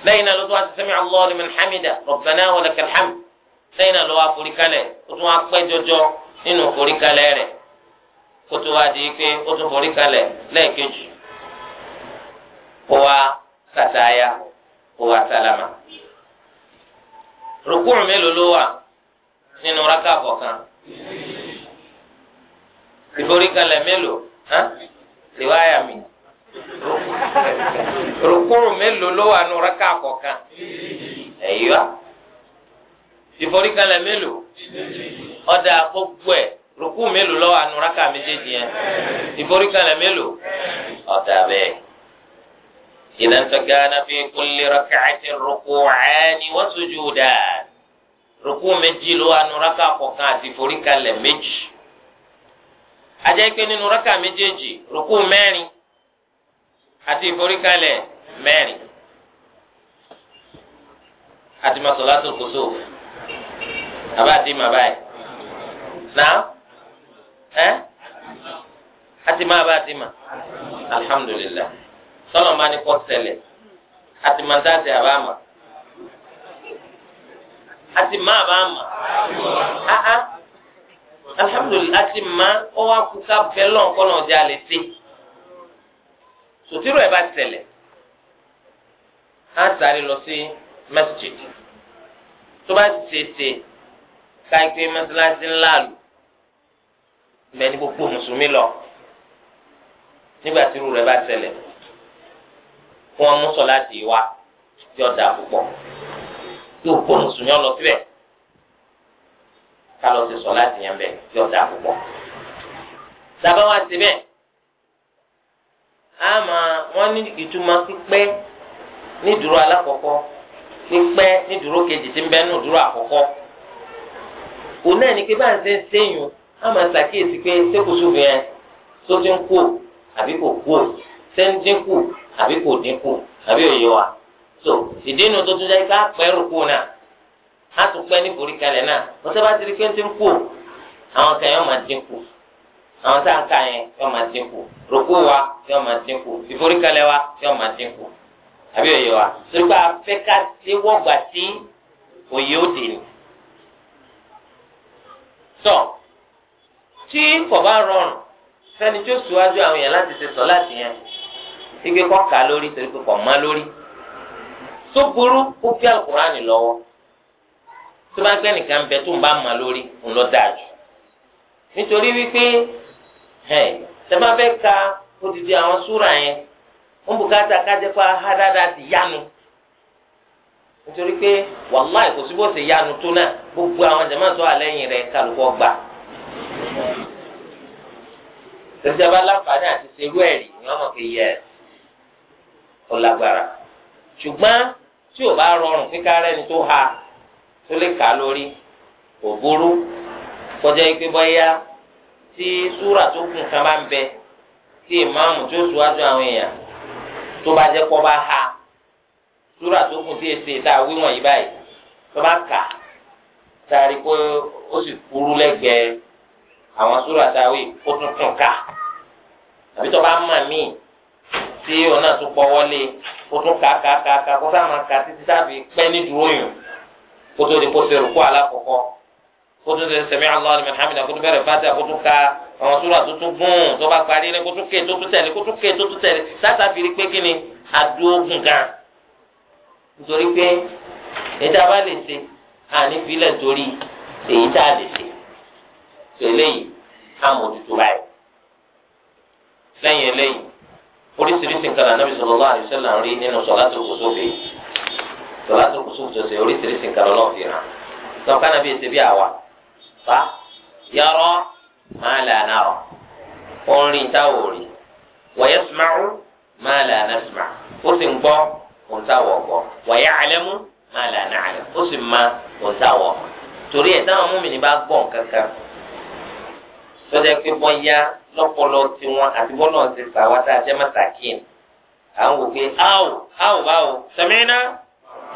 Speaker 1: lẹ́yìn náà ló tún wá sí sami'a Allahu liman hamida rabbana wa lakal hamd lẹ́yìn náà ló wá forí kalẹ̀ ó tún wá pẹ́ jọjọ nínú forí kalẹ̀ rẹ̀ kó tó wá di pé ó tún forí kalẹ̀ lẹ́ẹ̀kejì kó wá kàtàyà kó wá sálámà. rukú mélòó ló wà nínú rákà kọ̀ọ̀kan ìforí kalẹ̀ mélòó hàn riwaya mi rukú rukuru mélòó ló wà nù rákà kọ̀ọ̀kan ẹ̀yọ́ ìforíkalẹ̀ mélòó ọ̀dà gbogbo ẹ̀ rukú mélòó ló wà nù rákà méjèèjì yẹn ìforíkalẹ̀ mélòó ọ̀dà bẹ́ẹ̀. إذا فكان في كل ركعة ركوعان وسجودان ركوع méjì meji wà nínú rákà kọ̀ọ̀kan àti ìforíkalẹ̀ méjì. Àjẹ́ pé nínú rákà méjèèjì àti ìforíkalẹ̀ mẹ́rin àti masalatu kòsó àbá àti màbá yìí náà ẹ àti má àbá àti mà alhamdulillah sọlọ máa ní kọ ṣẹlẹ̀ àti màtáàtì àbá mà àti má àbá mà áá alhamdulillah àti má ọwọ́ akúkà bẹ́lọ̀ ńkọ́ náà jẹ́ sí sòtírò ẹ̀ bá tẹ̀lẹ̀ á sáré lọ sí masjid tó bá tètè káyipé mọ́sálásí ńlá lù mẹ́ni gbogbo mùsùlùmí lọ nígbà tí irú rẹ̀ bá tẹ̀lẹ̀ kí wọ́n mú sọ láti wá yọ̀ dà púpọ̀ yóò kó mùsùlùmí ọlọ síbẹ̀ ká lọ sí sọ láti yẹn bẹ̀ yọ̀ dà púpọ̀. sábà wá síbẹ̀. ama wọ́n ní ìtumọ̀ pípẹ́ ní dúró alákọ̀ọ́kọ́ pípẹ́ ní dúró kejì tí ń bẹ nù dúró àkọ́kọ́ òun náà ní pé bá ń ṣe ń sẹ́yìn àmà pé sékùsù yẹn tó ti ń kú àbí kò kú so ìdínú tó tún jẹ́ ká pẹ́rù kú náà á tún pẹ́ ní foríkalẹ̀ náà wọn sábà ti rí pé ń ti ń kú àwọn kan máa àwọn tá à ń ka yẹn yọ máa dínkù rògbò wa yọ máa dínkù ìforíkalẹ̀ wa yọ máa dínkù àbí òye wa torí pé afẹ́ ká dé wọ́gbà tí òye ó dè ní. sọ tí kò bá rọrùn sẹ́ni tó síwájú àwọn èèyàn láti ṣe sọ láti yẹn ike kọ́ ka lórí torí pé kò má lórí tó burú kó kí alukurani lọ́wọ́ tó bá gbẹ́ nìkan bẹ tó ń bá ma lórí ń dáa jù nítorí wípé ẹ̀yìn tẹ̀má fẹ́ ka odidi àwọn súra yẹn wọ́n bùkátà kájẹ́ pa ha dáadáa ti yánu nítorí pé wàláì kò sí bó ṣe tó náà gbogbo àwọn jẹ̀má sọ wà lẹ́yìn rẹ̀ kálukọ́ gbà tẹ̀síọ́bá láǹfààní àti ṣerú ẹ̀rí ni wọ́n mọ̀ fi yẹ ọ̀làgbára ṣùgbọ́n tí ò bá rọrùn kíkà ni tó ha tó lè kà lórí kò burú kọjá ikú bọ́yá tí súrà tó kù kan bá ń bẹ tí ìmáàmù tó ṣíwájú àwọn èèyàn tó bá jẹ́ kọ́ bá ha súrà tó kù tí èsì a wíwọ̀n yìí báyìí tó bá kà sáré pé ó sì kúrú lẹ́gbẹ̀ẹ́ àwọn súrà táwí ó tún tún ká àbí tó bá mọ̀ míì tí òun náà tún pọ̀ wọlé ó tún ká ká ká ká kó sáà máa ka títí sáà fi pẹ́ ní dúró
Speaker 2: yùn kó tó di kó ṣe rúkú
Speaker 1: alákọ̀ọ́kọ́ kó tó ṣe sẹ̀mí Allah liman hamida kó tó bẹ̀rẹ̀ fàtà kó tó ka àwọn sùúrà tó tún gùn tó bá parí rẹ̀ kó tó ké tó tún tẹ̀lé kó tó ké tó tún tẹ̀lé sáta fi rí pé kí ni adóògùn gan. nítorí pé èyí tá a bá lè ṣe àní filẹ̀ torí èyí tá a lè ṣe tẹ̀lé yìí amòtútù báyìí. lẹ́yìn eléyìí oríṣiríṣi nǹkan náà Nabi sallallahu alaihi wasallam rí nínú salatul kusufi salatul kusufi tó ṣe oríṣiríṣi nǹkan lọ́nà fi hàn. sọ̀kánà bíi ṣe bí àwa fa yọrọ máa là nàrọ orin táwọn ò rí wọ́yẹ sùmáwó máa là nà sùmá ó sì ń gbọ́ òun táwọn ọ̀gbọ́ wọ́yẹ àlẹ́mú máa là nà àlẹ́ ó sì má òun táwọn ọ̀mọ́ torí ẹ̀ táwọn múmi ní bá gbọ́ nǹkan sọjá pé wọ́n yá lọ́pọlọ tiwọn àti bọ́lá ọ̀sẹ̀ sàwátà àti ẹ̀mẹ́sàkín à ń wò pé áwò áwò báwò sẹ̀mẹ́nà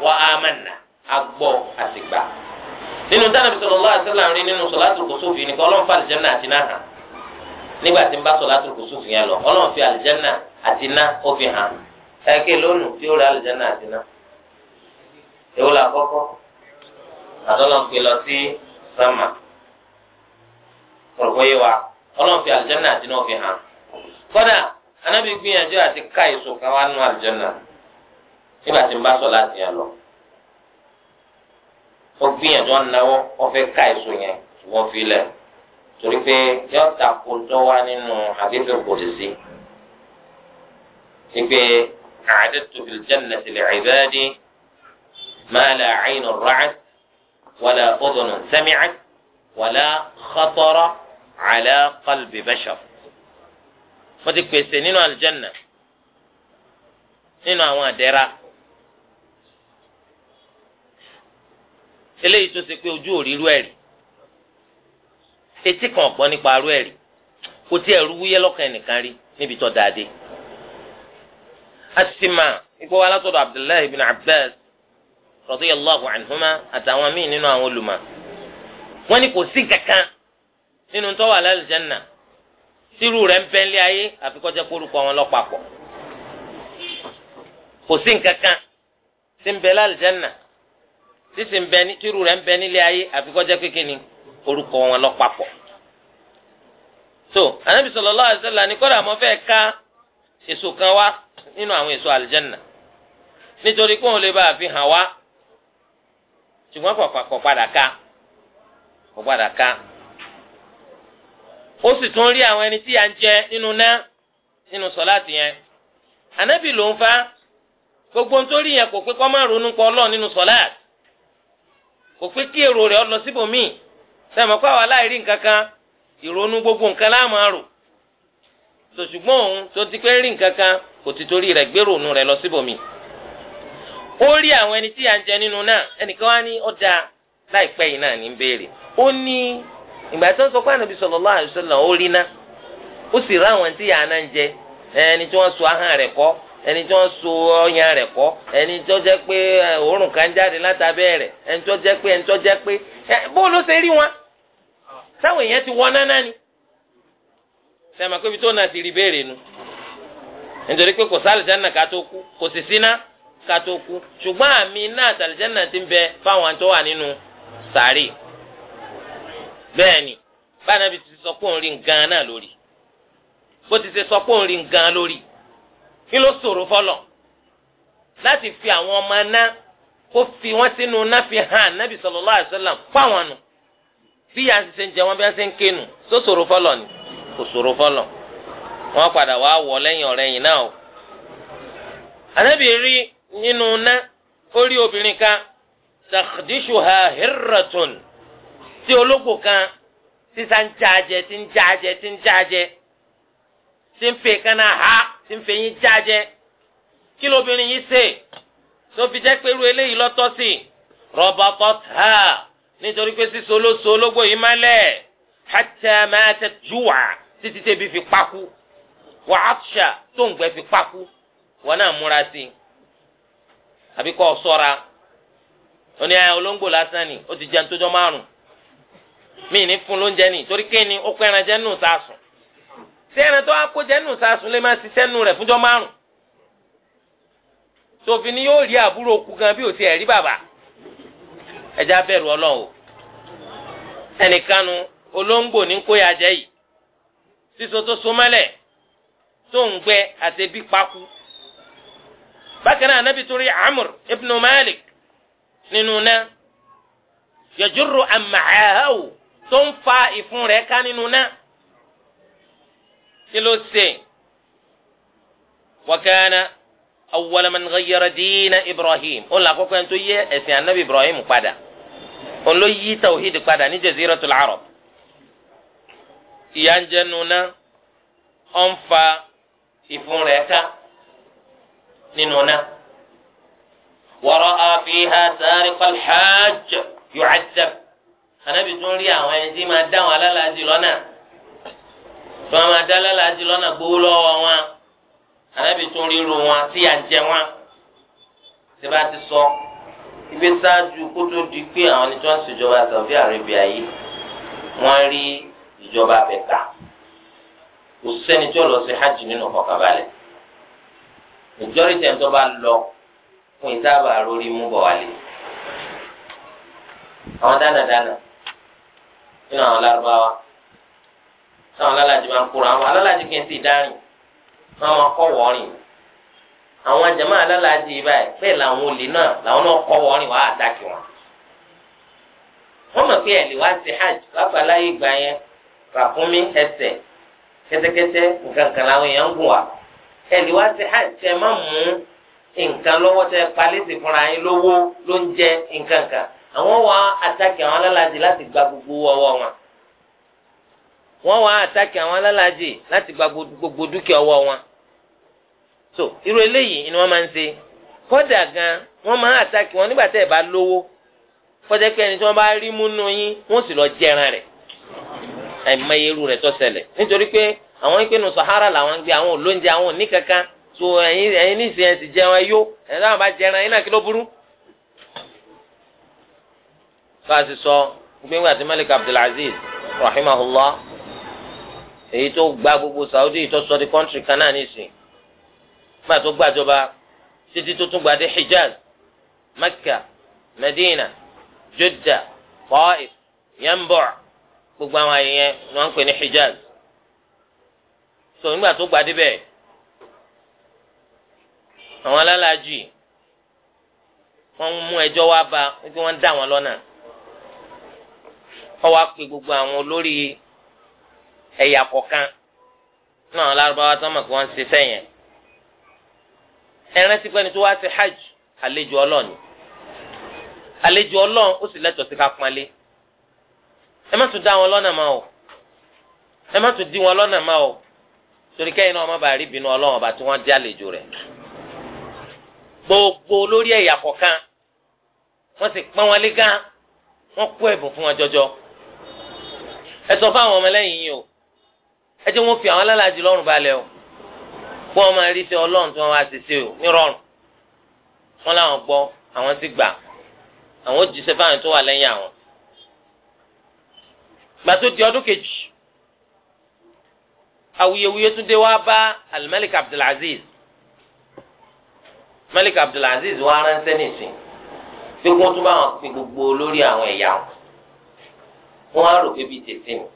Speaker 1: wà á mẹ́nà agbọ́ àtìgbà. nínú dáná bí sọlọ́lá àṣẹlá rí nínú sọ̀látù kùsùfù yìí nìkan ọlọ́run fa àlìjẹ́nà àti náà hàn nígbà tí ń bá sọ̀látù kùsùfù yẹn lọ ọlọ́run fi àlìjẹ́nà àti náà ó fi hàn ẹ̀kẹ́ lónù tí ó rí àlìjẹ́nà àti náà
Speaker 2: èwo la kọ́kọ́
Speaker 1: àtọ́lọ́ gbé lọ sí sàmà kọ̀ọ̀kọ́ yé wa ọlọ́run fi àti náà ó fi hàn kọ́dà àti ó gbìyànjú ọ̀nàwọ́ ọ̀fẹ́ ká èso yẹn wọ́n fi lẹ̀ torí pé yọ tako tó wá nínú àdéhùn kòlìsí wípé a'adadtu fil jannati li'ibadi ma la 'aynun ra'at wala udhunun sami'at wala khatara 'ala qalbi bashar wọ́n ti pèsè nínú àlùjánnà nínú àwọn àdẹ́ra. eléyìí tó ṣe pé ojú ò rírú ẹ̀rí etí kan ọ̀gbọ́n nípa arú ẹ̀rí kò tí ẹ̀rú wúyẹ́ lọ́kàn ẹnìkan rí níbi tó dáadé. a sì wa látọ̀dọ̀ abdullahi ibn abbas radiyallahu anhuma àtàwọn míì nínú àwọn olùmọ̀ wọ́n ní kò sí kankan nínú tó wà lálùjánnà tírú rẹ̀ ń bẹ́ńlẹ̀ ayé àfikọ́jẹ́ kórúkọ wọn lọ́pàpọ̀ kò sí nǹkan tí ń bẹ lálùjánnà sísè ń bẹ ní tírú rẹ̀ ń bẹ nílé ayé àfikọ́jẹ́ pé kíni orúkọ wọn lọ papọ̀. so anabi sallallahu alaihi wasallam ní kọ́dà mọ́ fẹ́ ká èso kan wá nínú àwọn èso àlìjẹ́nà nítorí kóun lè bá àfihàn wá ṣùgbọ́n kọ̀ padà ká kọ̀ padà ká ó sì tún rí àwọn ẹni tí à ń jẹ nínú náà nínú sọláàtì yẹn anabi ló ń fa gbogbo nítorí yẹn kò pé kọ́ máa ronú pọ̀ lọ́ọ̀ nínú sọláàtì. kò pé kí èrò rẹ̀ lọ síbòmíì sẹ́mi kó àwọn aláìrí nǹkan kan ìrònú gbogbo nǹkan láàmú àrò sòṣùgbọ́n òun tó ti pé rí nǹkan kan kò ti torí rẹ̀ gbé rònú rẹ̀ lọ síbòmíì ó rí àwọn ẹni tí à ń jẹ nínú náà ẹnìkan wá ní ọ̀dà láìpẹ́ yìí náà ní béèrè ó ní ìgbà tó ń sọ pé ànábi sallallahu alaihi wasallam rí ná ó sì rí àwọn ẹni tí wọ́n so ẹni tó ń so ọyàn rẹ̀ kọ́ ẹni tó jẹ́ pé òórùn kan jáde látàbẹ́ rẹ̀ ẹni tó jẹ́ pé ẹni tó jẹ́ pé bó ló ṣe rí wọn táwọn èèyàn ti wọ náná ni sẹ́mi pé ibi tó náà ti rí béèrè nu nítorí pé kò sálìjánà ká tó kú kò sì síná ká tó kú ṣùgbọ́n àmì náà sálìjánà ti ń bẹ fáwọn tó wà nínú sàárè bẹ́ẹ̀ ni báyìí náà bí ti sọ pé òun rí nǹkan náà lórí bó ti ṣe sọ pé òun rí nǹkan lórí kí ló ṣòro fọlọ láti fi àwọn ọmọ náà kó fi wọn sínú náà fi hàn nábì sallallahu alaihi wasallam fáwọn nù bí yà ń ṣe ń jẹ wọn bí wọn ṣe ń kéènù tó ṣòro fọlọ ni kò ṣòro fọlọ wọn padà wá wọ lẹ́yìn ọ̀rẹ́ yìí náà o. ànábì rí nínú ná ó rí obìnrin kan takhdishuha hirratun tí ológbò kan sísá jaajẹ tí ń jaajẹ tí ń jaajẹ tí ń fè ha tí ń fẹ́ yín jájẹ́ kí lóbìnrin yìí ṣe tó fi jẹ́ pé irú eléyìí lọ́tọ́ sí rọ́bà kọ́tà nítorí pé síso ló so ológbò yìí mọ́lẹ̀ hàtà máa tẹ júwà títí tẹ̀bi fi pákú wà áṣà tó ń gbẹ fi pákú wọn náà múra sí i àbí kọ́ ọ sọ́ra ó ní olóńgbò lásán ni ó ti jẹun tó jọ márùn-ún mí ní fún lóúnjẹ ni torí kéènì ó pẹ́ran jẹ́ nù sásùn ṣé ẹran tó wá kó jẹ́nu sàásùn lè máa ṣiṣẹ́ nu rẹ̀ fúnjọ́ márùn sòfin ni yóò rí àbúrò kú gan bí ò ti ẹ̀ rí bàbá ẹja bẹ̀rù ọlọ́run o ẹnìkanu olóńgbò ní kóyà jẹ́ yìí sísọ tó so tó ń gbẹ àti bí paku bákan náà anábì torí amr ibn malik nínú náà yajurru àmàhàwò tó ń fa ìfun rẹ̀ ká nínú náà. kí ló ṣe wakana awwala man ghayyara diina ibrahim ó là kọ́kọ́ ẹni tó yẹ ẹ̀sìn anabi ibrahim padà òun ló yí tawhid padà ní jaziratul arab ìyá ń jẹ nuna ó ń fa ìfun rẹ̀ ká nínú náà wọ́rọ́ àfihà sáré kọ́lhájj yóò àjẹb anabi tún rí àwọn ẹni tí máa dáhùn alálàájì lọ́nà. fama dala la adi lọ́nà gbowó lọ́wọ́ wọn anabi tún ríru wọn tí yà ń jẹ wọn síbá ti sọ ibi sáájú kó tó di pé àwọn ẹni tí wọ́n ṣèjọba Saudi Arabia yìí wọ́n rí ìjọba abẹka kò sẹ́ni tí ó lọ sí hajj nínú kọkàbalẹ̀ majority ẹni tó bá lọ fún ìtaàbà lórí mú bọ̀ wálé àwọn dánadáná nínú àwọn lárúbáwá. táwọn alálàjì bá ń àwọn alalaji wọn àwọn jama alalaji báyìí bẹ́ẹ̀ làwọn olè náà làwọn náà wọn. wọ́n pé ẹ̀lì wá sí hajj lápá láyé ìgbà yẹn ràkúnmí ẹsẹ̀ kẹ́tẹ́kẹ́tẹ́ nǹkan kan làwọn èèyàn ń gùn wá ẹ̀lì hajj ẹ má mú nǹkan lọ́wọ́ tẹ palẹ́sì fúnra yín lówó ló ń jẹ nǹkan kan àwọn wọ́n wá àtàkì àwọn alálàájì láti gba gbogbo dúkìá ọwọ́ wọn so irú eléyìí ni wọ́n máa ń ṣe kódà gan wọ́n máa àtàkì wọn nígbà tẹ́ ẹ bá lówó kọjá pé ẹni tí wọ́n bá rí múnú yín wọ́n sì lọ jẹran rẹ̀ àìmọye irú rẹ̀ tó ṣẹlẹ̀ nítorí pé àwọn ìpinnu sahara làwọn ń gbé àwọn olóúnjẹ àwọn òní kankan so ẹ̀yin ẹ̀yin ní ìsìn ẹsìn jẹun ẹyó ẹ̀yin táwọn bá jẹran ẹ̀yin náà kí ló burú. bá a ti sọ gbẹ̀ngbà tí malik abdulaziz rahimahullah èyí tó gba gbogbo Saudi tó sọ di kọ́ńtì kan náà nìsín nígbà tó gbàjọba títí tó tún gbadé Hijaz Mecca Medina Jeddah Taif Yanbu' gbogbo àwọn àyẹ̀yẹ ni wọ́n ń pè ní Hijaz tó nígbà tó gbadé bẹ́ẹ̀ àwọn alálàájì wọ́n mú ẹjọ́ wá bá wípé wọ́n dá wọn lọ́nà wọ́n wá pe gbogbo àwọn olórí ẹ̀yà kọ̀ọ̀kan náà lárúbáwá tó mọ̀ pé wọ́n ń ṣiṣẹ́ yẹn ẹran ti pẹ́ni tó wá sí hajj àlejò ọlọ́ọ̀ni àlejò ọlọ́ọ̀n ó sì lẹ́tọ̀ọ́ sí ká pọ́nlé ẹ má tún dá wọn lọ́nà máa o ẹ má tún dí wọn lọ́nà máa o torí kẹ́yìn náà má bàa rí ìbínú ọlọ́wọ́n bá tí wọ́n dí àlejò rẹ̀ gbogbo lórí ẹ̀yà kọ̀ọ̀kan wọ́n sì pọ́n wọn lé gán wọ́n kó ẹ̀bùn fún wọn jọjọ ẹ sọ fún àwọn ọmọlẹ́yìn yìí o ẹ jẹ́ wọ́n fi àwọn alálàájì lọ́rùn balẹ̀ o kó wọn máa rí sí ọlọ́run tí wọ́n wá sí sí o nírọ̀rùn wọn làwọn gbọ́ àwọn sì gbà àwọn ó jíṣẹ́ fáwọn tó wà lẹ́yìn àwọn. gbà tó di ọdún kejì awuyewuye tún dé wá bá alimalik abdulaziz malik abdulaziz wá ránṣẹ́ nìsín
Speaker 3: pé kó tún bá wọn
Speaker 1: pin gbogbo lórí àwọn ẹ̀yà wọn á rò pé bíi tètè mi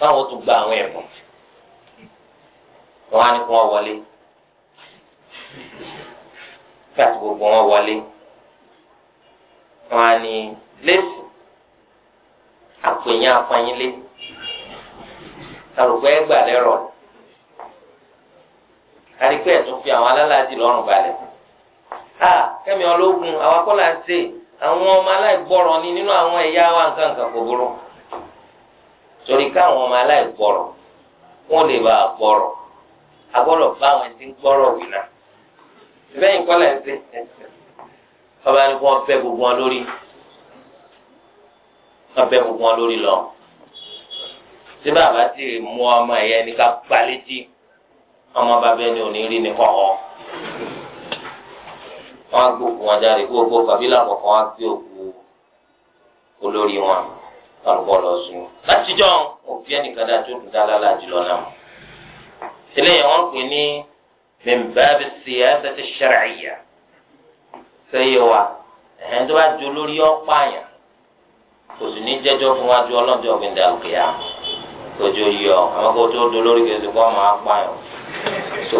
Speaker 1: káwọn tó gba àwọn ẹ̀bùn wọn á ní kí wọ́n wọlé kí àti gbogbo wọn wọlé wọn á ní lẹ́sìn àpèyàn apanyínlé àrògbé ẹgbà lẹ́rọ̀ àdìpẹ́ ẹ̀ tún fi àwọn alálàájì lọ́rùn balẹ̀ a kẹ́mi ológun àwọn akọ́là ń ṣe àwọn ọmọ aláìgbọ́rọ̀ ni nínú àwọn ẹ̀yà wa nǹkan kan kò burú torí káwọn ọmọ aláìgbọ́rọ̀ wọn lè bá a gbọ́rọ̀ a gbọ́dọ̀ bá àwọn ẹni tí ń gbọ́rọ̀ wì náà bẹ́ẹ̀ kọ́lẹ̀ ń sè ọba ni wọ́n fẹ́ gbogbo wọn lórí wọ́n fẹ́ gbogbo wọn lórí lọ tí bàbá ti mú ọmọ ẹ̀yẹ ní ká gbalétí ọmọ bàbá ẹni ò rí ní kọ̀ọ̀ wọ́n á gbókùn wọn jáde gbogbo kàbílà kọ̀ọ̀kan wá gbé òkú olórí wọn kárùkọ lọ sùn látijọ́ òfin ẹnìkan dá tó dùn dáadáa jùlọ náà eléyìí wọ́n pè ní mẹmbàbí siyasa ti shar'iyya sẹyẹ wa ẹhẹn tó bá jó lórí ọpáyàn kò sì ní jẹ́jọ́ fún wájú ọlọ́jọ́ ọ̀gbìndà òkèèyà ojú yọ àwọn kò tó do lórí kejì kó ọmọ apáyàn so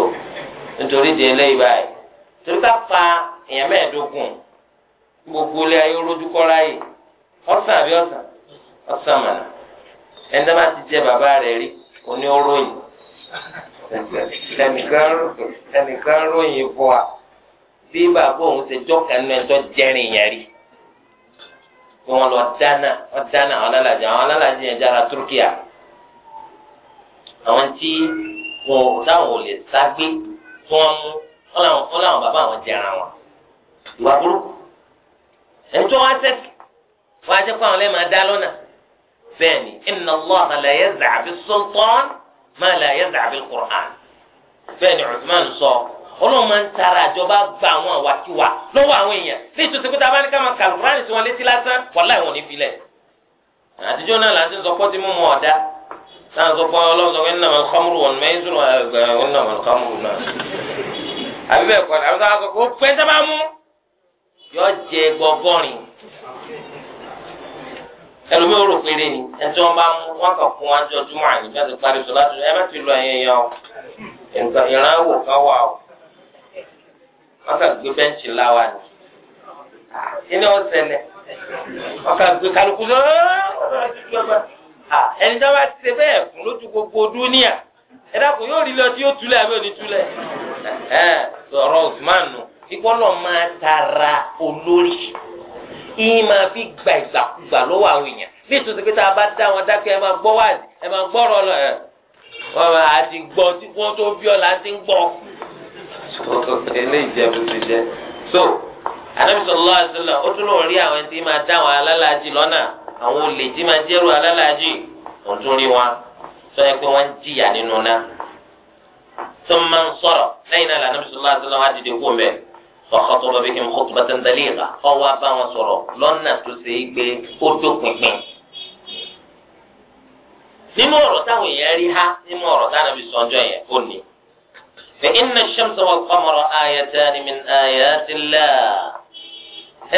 Speaker 1: nítorí di eléyìí báyìí torí ká pa èèyàn mẹ́ẹ̀ẹ́dógún gbogbo ilé ayé olójúkọ́ láyè ọ̀sán àbí ọ̀sán ọsàmàlà ẹni tó bá ti jẹ bàbá rẹ̀ rí oní oróyìn ẹnìkan ròyìn fún wa bí bàbá òun ṣe jọkàn náà ẹjọ jẹrin yẹn rí kí wọn lọ dáná wọn dáná àwọn alálàjì àwọn alálàjì yẹn jára Turkiya àwọn tí wọn ò dáhùn ò lè ságbé tí wọn mú wọn làwọn bàbá àwọn jẹra wọn ìwà burúkú ẹni tí wọn á tẹsí á jẹ kó àwọn lẹ́ẹ̀ máa dá lọ́nà. ثاني إن الله لا يزع بالسلطان ما لا يزع بالقرآن ثاني عثمان quran bẹ́ẹ̀ ni Uthman sọ ọlọ́run máa ń tara àjọba gba àwọn àwàkiwà lọ́wọ́ àwọn èèyàn ní ìtòsí pé tábà ní ká máa ka Al-Qur'an tí wọ́n létí lásán wàhálà ìwọ̀n ní filẹ̀ àtijọ́ náà láti sọ pọ́tí mímu ọ̀dá náà sọ pé ọlọ́run sọ pé innamal khamru wal maisiru innamal khamru náà àbí bẹ́ẹ̀ kọ́ ni àwọn sọ pé ó pẹ́ mú yọ jẹ gbọgbọ́rin
Speaker 3: ẹlòmíì òrò péré ni ẹtí wọn
Speaker 1: bá mú wọn kàn fún wọn jọ júmọ àní bí wọn ti parí sọ láti ẹ bá ti lọ ẹyẹ yẹn o nǹkan ìrànwọ́ kan wà o wọn kàn gbé bẹ́ǹchì láwa ni
Speaker 2: kíni ó ṣẹlẹ̀
Speaker 1: wọn kàn gbé kálukú sọ ẹni tí wọn bá ti ṣe bẹ́ẹ̀ fún lójú gbogbo dúníà ẹ dàpọ̀ yóò rí lọ tí yóò túlẹ̀ àbí òní túlẹ̀ ẹ sọ̀rọ̀ Usman nù kíkọ́ lọ́ọ́ máa tara olórí. ìyìn máa fi gba ìgbàkúgbà lọ́wọ́ àwọn èèyàn bí ètò tá a bá dá wọn dákẹ́ ẹ máa gbọ́ wáàdì ẹ máa gbọ́rọ̀ lọ ẹ wọn gbọ́ tí wọ́n tó bí ọ̀la ti ń gbọ́. eléyìí jẹ bó ti jẹ so anabi ó tún rí àwọn tí máa dá àwọn alálàájì lọ́nà àwọn olè tí máa jẹ́rù alálàájì tún rí wọn sọ yẹ pé wọ́n jìyà nínú náà tó máa ń sọ̀rọ̀ lẹ́yìn náà فخطب بهم خطبة بليغة ọwọ́ abá wọn sọ̀rọ̀ lọ́nà tó ṣe é gbé ó dópinpin. nínú ọ̀rọ̀ táwọn èèyàn rí ha nínú ọ̀rọ̀ táwọn ẹbí sọ̀njọ́ yẹn ó ní. فإن الشمس والقمر آيتان من آيات الله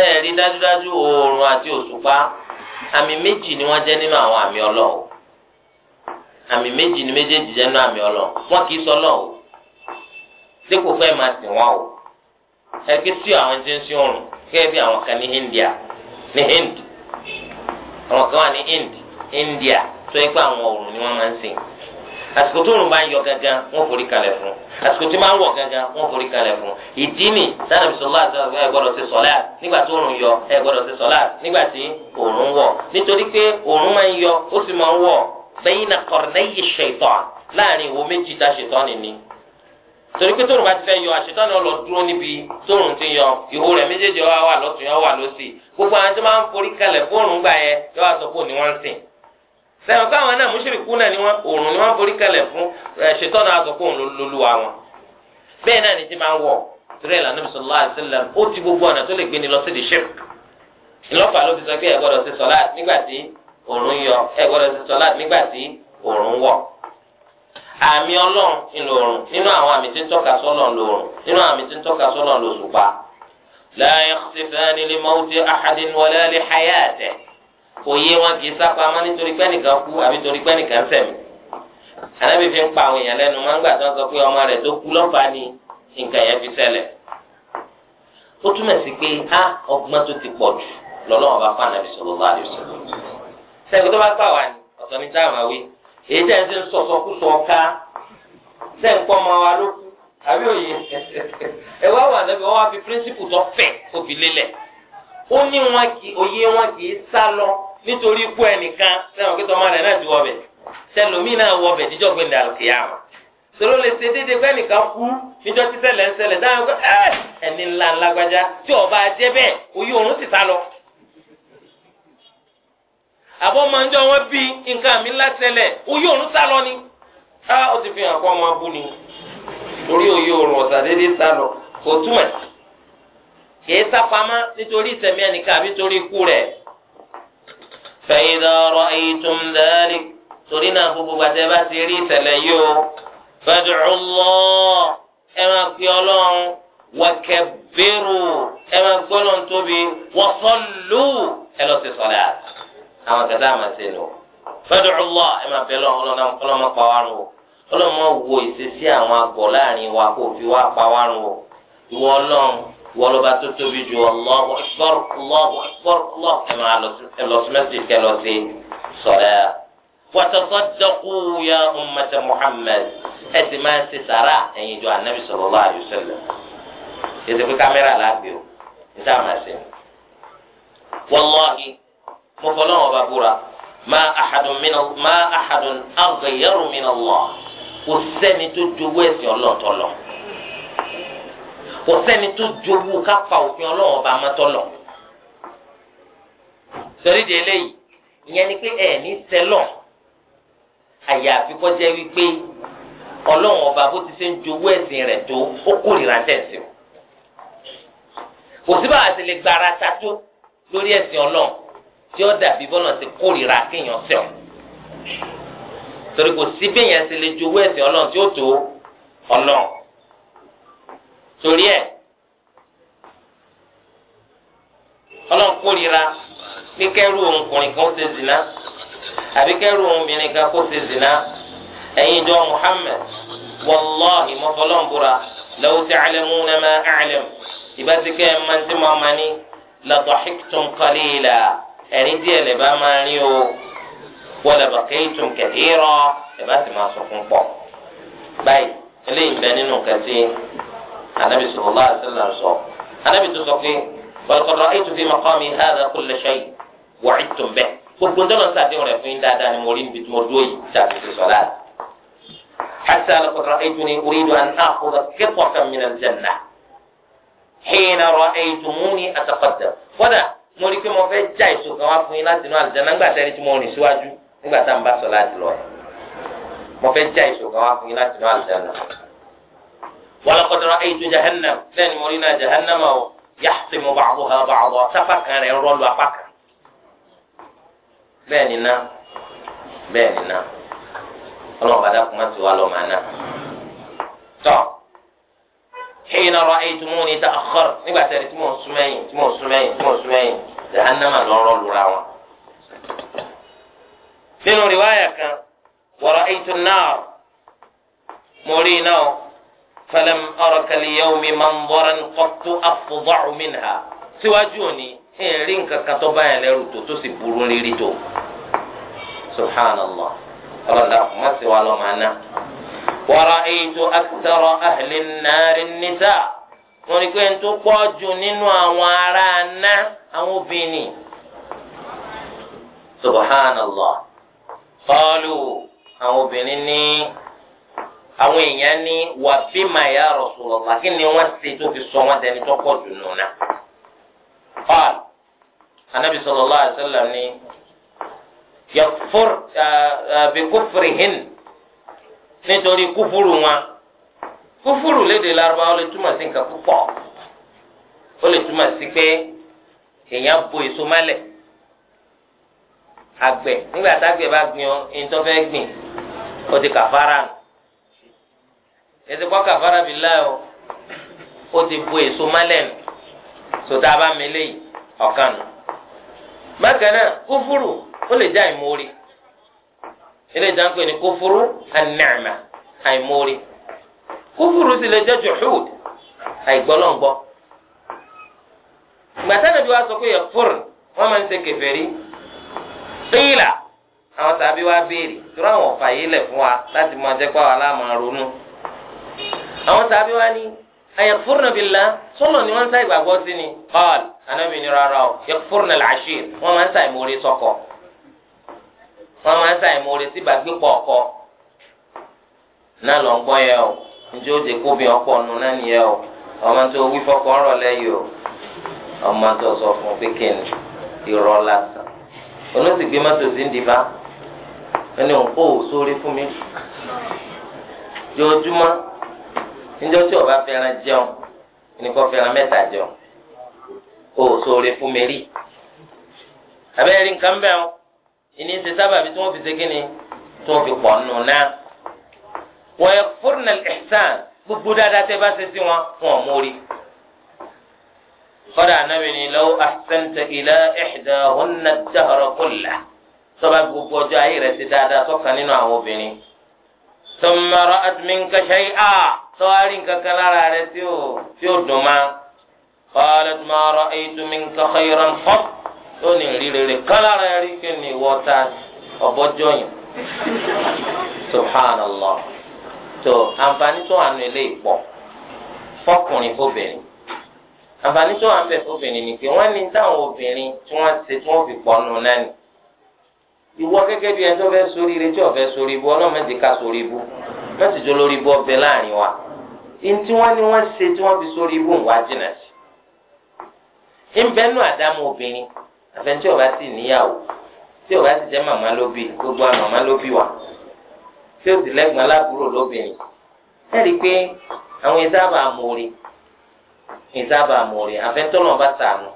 Speaker 1: ẹ rí dájúdájú oòrùn àti òṣùpá àmì méjì ni wọ́n jẹ́ nínú àwọn àmì Ọlọ́run àmì méjì ni méjèèjì jẹ́ nínú àmì Ọlọ́run wọn kì í sọ Ọlọ́run dípò fẹ́ẹ́ máa sìn wọn o ẹgbẹ́ tí àwọn ti ń sí òrùn gẹ́gẹ́ bí àwọn kan ní India ní Hind àwọn kan wà ní Hind India tó yẹ pé àwọn òrùn ni wọ́n máa ń sìn àsìkò tó òrùn bá ń yọ gangan wọ́n forí kalẹ̀ fún àsìkò tó máa ń wọ̀ gangan wọ́n forí kalẹ̀ fún ìdí nì sanabi sọlá ẹ gbọ́dọ̀ ṣe sọlá nígbà tó òrùn yọ ẹ gbọ́dọ̀ ṣe sọlá nígbà tí òrùn wọ̀ nítorí pé òrùn máa ń yọ ó sì máa ń wọ̀ bẹ́yìn na kọ̀rọ̀nẹ́yì ṣètọ́ láàrin ìwo méjì tá ṣètọ́ nìní torí pé tóun bá ti fẹ́ yọ àṣetán náà lọ dúró níbi tóun ti yọ ìhó rẹ̀ méjèèjì ó wà lọ́tún yọ wà lọ́sì gbogbo àwọn tó máa ń forí kalẹ̀ fóònù gbà yẹ yọ wà sọ pé òní wọ́n ń sìn sẹ́wọ̀n káwọn náà mùsùlùkù náà ni wọ́n òòrùn ni wọ́n forí kalẹ̀ fún àṣetán náà sọ pé òun lolúwa wọn bẹ́ẹ̀ náà ni ti máa ń wọ̀ torí ẹ̀ lànà bisalòlá àṣẹlẹ̀ ó ti gbogbo ọ̀nà tó lè gbé ni lọ sí di ṣírk ìlọ́pàá ló fi sọ pé ẹ gbọ́dọ̀ ṣe sọ́láàtì nígbà tí òòrùn yọ ẹ gbọ́dọ̀ ṣe sọ́láàtì nígbà tí òòrùn wọ̀ àmì ọlọ́run ńlò òrùn nínú àwọn àmì tí ń tọ́ka sọ́nà ńlò nínú àmì tí ń tọ́ka sọ́nà ńlò òṣùpá. la yakhsifani li mawti ahadin wala li òye wọn kì í sápamọ́ nítorí pé ẹnìkan kú àbí pé fi ń pa àwọn èèyàn lẹ́nu máa ń gbà sọ pé ọmọ rẹ̀ tó kú lọ́fà ni nǹkan yẹn fi ó túmọ̀ sí pé ọgbọ́n tó ti pọ̀ jù èyí tẹ̀ ń ṣe sọ̀sọ̀kúsọ̀ ká tẹ̀ ń pọ́n wa ló kú àbí òye ẹ wà lẹ́bi wọ́n wá fi píríncípù tó fẹ̀ kó fi lélẹ̀ ó ní wọn kì òye wọn kì í sá lọ nítorí ikú ẹnìkan sẹ́wọ̀n kí tọ́mọ rẹ̀ náà ti wọ̀ bẹ̀ náà wọ̀ bẹ̀ jíjọ́ gbé ndàlù kìí àmọ́ lè ṣe pé ẹnìkan kú níjọ́ tí àbọ̀ máa ń jọ wọn bí nǹkan mi lásẹ̀lẹ̀ oyè òrùn sá lọ ni á ó ti fi hàn kó ọmọ abú ni torí oyè òrùn ọ̀sà déédéé sá lọ kò túmọ̀ kìí sápamọ́ nítorí ìsẹ̀mí ẹnìkan àbí torí ikú rẹ̀. fẹ̀yìndà ọ̀rọ̀ èyí tó ń darí torí náà gbogbo gbàtẹ́ bá ti rí ìṣẹ̀lẹ̀ yìí o fẹ́dùrú lọ ẹ máa pe ọlọ́run wọ́kẹ́ bẹ́rù ẹ máa gbọ́dọ̀ tóbi wọ́sọ̀lù ẹ lọ sí sọ̀lá àwọn kẹta àmà ṣe nù. fẹ́dù ọlọ́ ẹ máa bẹ lọ́wọ́ ọlọ́mọ pa wá rún o ọlọ́mọ wo ìṣesí àwọn àgọ̀ láàrin wa kó fi wá pa wá rún o ìwọ ọlọ́run ìwọ ọlọ́ba tó tóbi ju Allahu Akbar Allahu Akbar Allahu ẹ máa lọ sí mẹ́sì kẹ lọ sí sọ̀rẹ́ wàtàkọ́dọ́kù ya ummata Muhammad ẹ ti máa ń ṣe sàrà ẹ̀yin jọ anabi sallallahu alaihi wasallam ètò pé kámẹ́rà lágbè o níta máa ṣe wọ́n lọ́ọ̀hìn mo fọ́ lọ́wọ́ bá búra má àhàdùn mìíràn má àhàdùn àgbẹ̀yẹ̀rù mìíràn wọ̀ kò sẹ́ni tó jowó ẹ̀sìn ọlọ́ọ̀tọ̀ lọ kò sẹ́ni tó jowó ká pa òfin ọlọ́wọ́ bá mọ́tọ́ lọ. sọ̀rí di eléyìí ìyẹn ni pé ẹ̀ ní sẹ́lọ̀ àyàfi kọjá wípé ọlọ́run ọba bó ti ṣe ń jowó ẹ̀sìn rẹ̀ tó ó kórìíra tẹ̀sí o kò síbà àti lè gbára ta tó lórí ẹ̀sìn ọlọ́run tí ó dàbí bọ́lọ̀ ti kórìíra kéèyàn sẹ̀ ọ́ torí kò sí ti lè ẹ̀sìn ọlọ́run tí ó tó ọlọ́run torí ẹ̀ ọlọ́run kórìíra pé kẹ́rù ọkùnrin kan ṣe zìnà àbí kẹ́rù obìnrin kan kó ṣe zìnà ẹ̀yin jọ Muhammad wàlláhi mọ́fọlọ́nbura law ta'lamuna ìbá ti kẹ́ ẹ̀ máa ń tí mo máa ní ẹ̀rín díẹ̀ lè bá máa rí o wọlé baqaytum kathira lè bá sì máa sunkún pọ̀ báyìí eléyìí ń bẹ nínú kẹsí anabi sallallahu alaihi wasallam sọ anabi tó sọ pé walaqad ra'aytu fi maqami hadha kulla shay wa'idtum bihi gbogbo ntọ́nà sàdéhùn rẹ̀ fún yín dáadáa ni mo rí níbi tí mo dúró yìí dàbí ti sọ̀lá. حتى لقد رأيتني أريد أن آخذ قطعة من الجنة حين رأيتموني أتقدم ولا mo rí i pé mo fẹ́ já èso kan wá fún yín láti inú àlùjáná nígbà tẹ́lẹ̀ tí mo rìn síwájú nígbà tá à ń bá sọ láti lọ mo fẹ́ já jahannam ni mo rí náà o yahsimu ba'daha ba'da sápá kan rẹ̀ kan. re ná ná hina ra'aytumuni ta'akhkhar nígbà tẹ̀lé tí mò ń sún mẹ́yìn tí mò ń sún mẹ́yìn tí mò ń sún mẹ́yìn jahannama lọ́rọ́ lura wọn. nínú riwaya kan wa ra'aytu an-nar mo rí iná o falam araka al-yawma manzaran qattu afda'u minha síwájú òní ẹ̀rí nǹkan kan tó báyà lẹ́rù tó tó sì burú rírí tó subhanallah ọlọ́dà kò má sí wa lọ́ọ́ máa Wara akthara ahli an-nari an-nisa wọ́n ní pé n tó pọ̀ jù nínú nítorí kúfúrú wọn kúfúrú léde Lárúbáwá ó lè túmọ̀ sí nǹkan púpọ̀ ó lè túmọ̀ sí pé èèyàn bo èso mọ́lẹ̀ àgbẹ̀ nígbà tágbẹ̀ bá gbìn ọ́ ẹni tó fẹ́ gbìn ó ti kàfárà nù ètò kọ́ kàfárà bí láyọ̀ ó ti bo èso mọ́lẹ̀ nù sọ̀tà bá mi léyìí ọ̀kan nù bákan náà kúfúrú ó lè já ìmórí eléyìí tá à ń pè ní kófúrú anáàmà àìmórí kófúrú sì lè jẹ́ juhud àìgbọ́lọ́ngbọ́ gbàtà nàbí wa sọ pé yẹ fúr wọn máa ń ṣe kèfèrí kíìlà àwọn tàbí wa béèrè torí àwọn ọ̀fà yìí lẹ̀ fún wa láti máa jẹ́ pàwọn aláàmà ronú àwọn tàbí wa ní ayẹkufurna bila sọlọ ni wọn ń sa ìgbàgbọ́ sí ni paul anamini rárá o yẹkufurna làásìr wọn máa ń sa ìmòrè sọkọ wọn máa ń sàyìn mo retí bàgbé pọ̀ ọkọ náà lọ ń gbọ́ yẹn o njẹ́ ó de kó bí ọkọ nu náà nìyẹn o ọmọ tó wí fọkọ ọ̀rọ̀ lẹ́yìn o ọmọ tó sọ fún pékin irọ́ lásán olóṣègbè mọ́tò sí ń dìbà ẹni òun kò sórí fún mi jọjúmọ́ níjọ́ tí ọba fẹ́ràn jẹun ẹni kò fẹ́ràn mẹ́ta jẹun kò sórí fún mi rí abẹ́rẹ́ nǹkan bẹ́ẹ̀ o. ìní ṣe sábàbí tí wọ́n fi ṣe kí ni tí wọ́n fi pọ̀ nù náà. wọ́n yẹ fúrúnà ẹ̀sán gbogbo dáadáa tẹ́ bá ṣe sí wọn fún ọmọ orí. kọ́dà anábì ni lọ́wọ́ ahsanta ila ihdahunna ad-dahra kullah sọ́ba gbogbo ọjọ́ ayé rẹ̀ ṣe dáadáa sọ́kàn nínú àwọn obìnrin. thumma ra'at minka shay'a sọ́wárí nǹkan kan lára rẹ̀ tí ó dùn máa. qalat ma ra'aytu minka khayran qat ó ní ìrírere kán lára kí ni ìwọ ta ọbọjọyìn subhanallah tó àǹfààní tó àánú ilé ìpọ fọkùnrin fóbìnrin àǹfààní tó wà ń bẹ fóbìnrin ni pé wọn ní táwọn obìnrin tí wọn ṣe tí wọn fi pọnù náà ni ìwọ gẹ́gẹ́ bí ẹni tó fẹ́ sórí ire tí ọfẹ sórí ibu Ọlọ́run mẹsì ká sórí ibu mẹsì jọ lórí ibu ọbẹ láàrin wa ní tí wọn ní wọn ṣe tí wọn fi sórí ibu ń wá jìnnà sí. ń bẹ́ẹ̀ nù àdámọ́ obìnrin àfẹn tí ó bá sì níyàwó tí ó bá sì jẹ́ màmá ló gbogbo àwọn màmá ló bí wa tí ó sì lẹ́gbọ̀n aláàbúrò lóbìnrin ẹ̀rí pé àwọn ìsábà amòrè ìsábà amòrè àfẹn tó lọ́n bá sànù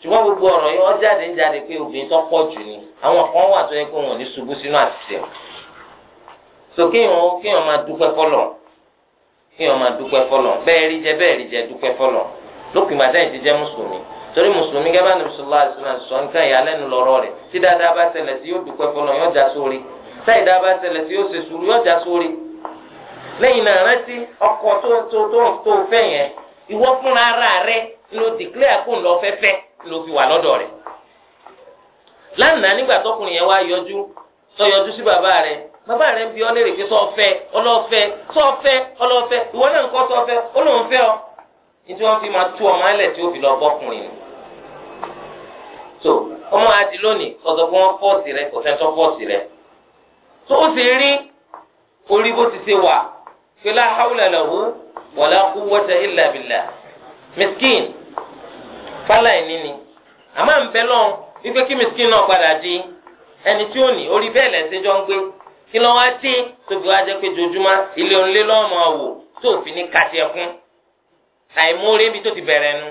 Speaker 1: ṣùgbọ́n gbogbo ọ̀rọ̀ yìí wọ́n jáde ń jáde pé obìnrin tó pọ̀ jù ni àwọn kan wà tó yẹ kó wọn ní ṣubú sínú àṣìṣe so kéèyàn kéèyàn máa dúpẹ́ fọlọ̀ kéèyàn máa dúpẹ́ fọlọ̀ bẹ́ẹ̀ rí jẹ bẹ́ẹ̀ rí jẹ dúpẹ́ fọlọ̀ lópin ìgbà ti jẹ́ mùsùlùmí torí mùsùlùmí gẹ́gẹ́ ní bisimilá àdìsílẹ̀ sọ nǹkan ìyàlẹ́nu lọ́rọ́ rẹ̀ tí dáadáa bá ṣẹlẹ̀ sí yóò dúpẹ́ fọlọ́ yóò já sórí táyì dáadáa bá ṣẹlẹ̀ sí yóò ṣe sùúrù yóò já sórí. lẹ́yìn náà rántí ọkọ tó tó tó tó fẹ́ yẹn fúnra ara rẹ ló dìklẹ́ fẹ́fẹ́ ló fi wà lọ́dọ̀ rẹ̀. lánàá nígbà tọkùnrin yẹn bi pé sọ́ọ̀fẹ́ ọlọ́ọ̀fẹ́ sọ́ọ̀fẹ́ ọlọ́ọ̀fẹ́ ìwọ náà ń kọ́ sọ́ọ̀fẹ́ ó lóun fẹ́ ọ ní tí wọ́n fi máa fi tó ọmọ àti lónìí kọsọ fún wọn fọọsì rẹ kọsẹ tó fọọsì rẹ tó o sì rí orí bó ti ṣe wà fìlà hawla lahu wala quwwata illa billah miskin fáláìní ni àmọ́ ń bẹ lọ́n wípé kí miskin náà padà di ẹni tí ó ní orí bẹ́ẹ̀ lẹ́sẹ̀ jọ ń gbé kí lọ́ wá dé tóbi wá jẹ́ pé jojúmọ́ ilé onílé lọ́mọ wò tó fi ní kàtí ẹkún àìmóore ibi tó ti bẹ̀rẹ̀ nu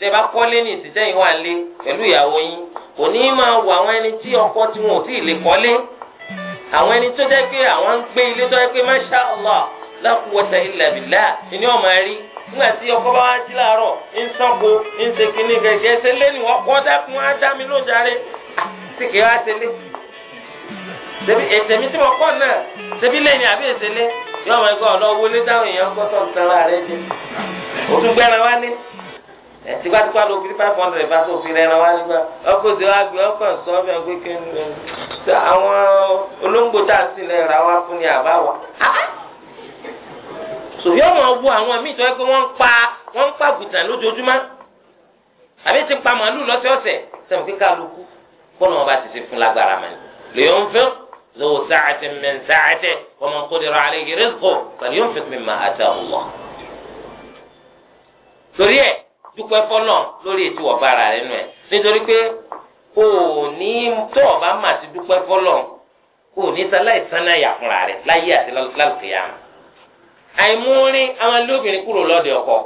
Speaker 1: tẹ bá kọ́lé ní ìsìtẹ́yìn wà lé pẹ̀lú ìyàwó yín kò ní máa wọ àwọn ẹni tí ọkọ tí wọn ò tí ì lè kọ́lé àwọn ẹni tó jẹ́ pé àwọn ń gbé ilé tó jẹ́ pé masha allah la quwwata illa billah ni ọmọ rí nígbà tí ọkọ bá wá jí láàárọ̀ ń sanko ń ṣe kínní gẹ́gẹ́ ṣe lé ní ọkọ dákun á dá mi lójàre tí kì í wá ṣe lé ètèmi tí mo kọ́ náà ṣebí lé àbí ètè lé yọ̀ọ́ mọ̀ ẹgbẹ́ ọ̀lọ́wọlé dáhùn èèyàn gbọ́tọ̀ ń tan ara rẹ òtún gbẹ́ran wá ní ẹ tipátipá ló fi five hundred bá sófin rẹ wá nígbà ọkọ tí wàá gbé ọkọ sọ ọbẹ gbé kéwìn rẹ àwọn olóńgbò tá a sì lẹ ra wá fún ni àbá wa sòfin ọmọ ọgbọ àwọn míì tó yẹ pé wọn ń pa wọn ń pa gùtàn lójoojúmọ́ àbí ti pa màálù lọ́sẹ̀ọ̀sẹ̀ sẹmu kíkà lóku kọ́nà wọn bá ti ṣe fún lágbára mọ lè yọ ń fẹ́ ذو سعة من سعته ومن قدر عليه رزقه فلينفق مما آتاه الله. سوريا dúpẹ́ fọlọ́n lórí ètò ọ̀bá ara rẹ nù ẹ̀ nítorí pé o ò ní tó ọ̀bá mà ti dúpẹ́ fọlọ́n o ò ní sáláì sáná yà fúnra rẹ láyé àti lálùkìyà àìmúrin àwọn ilé obìnrin kúrò lọ́dẹ ọkọ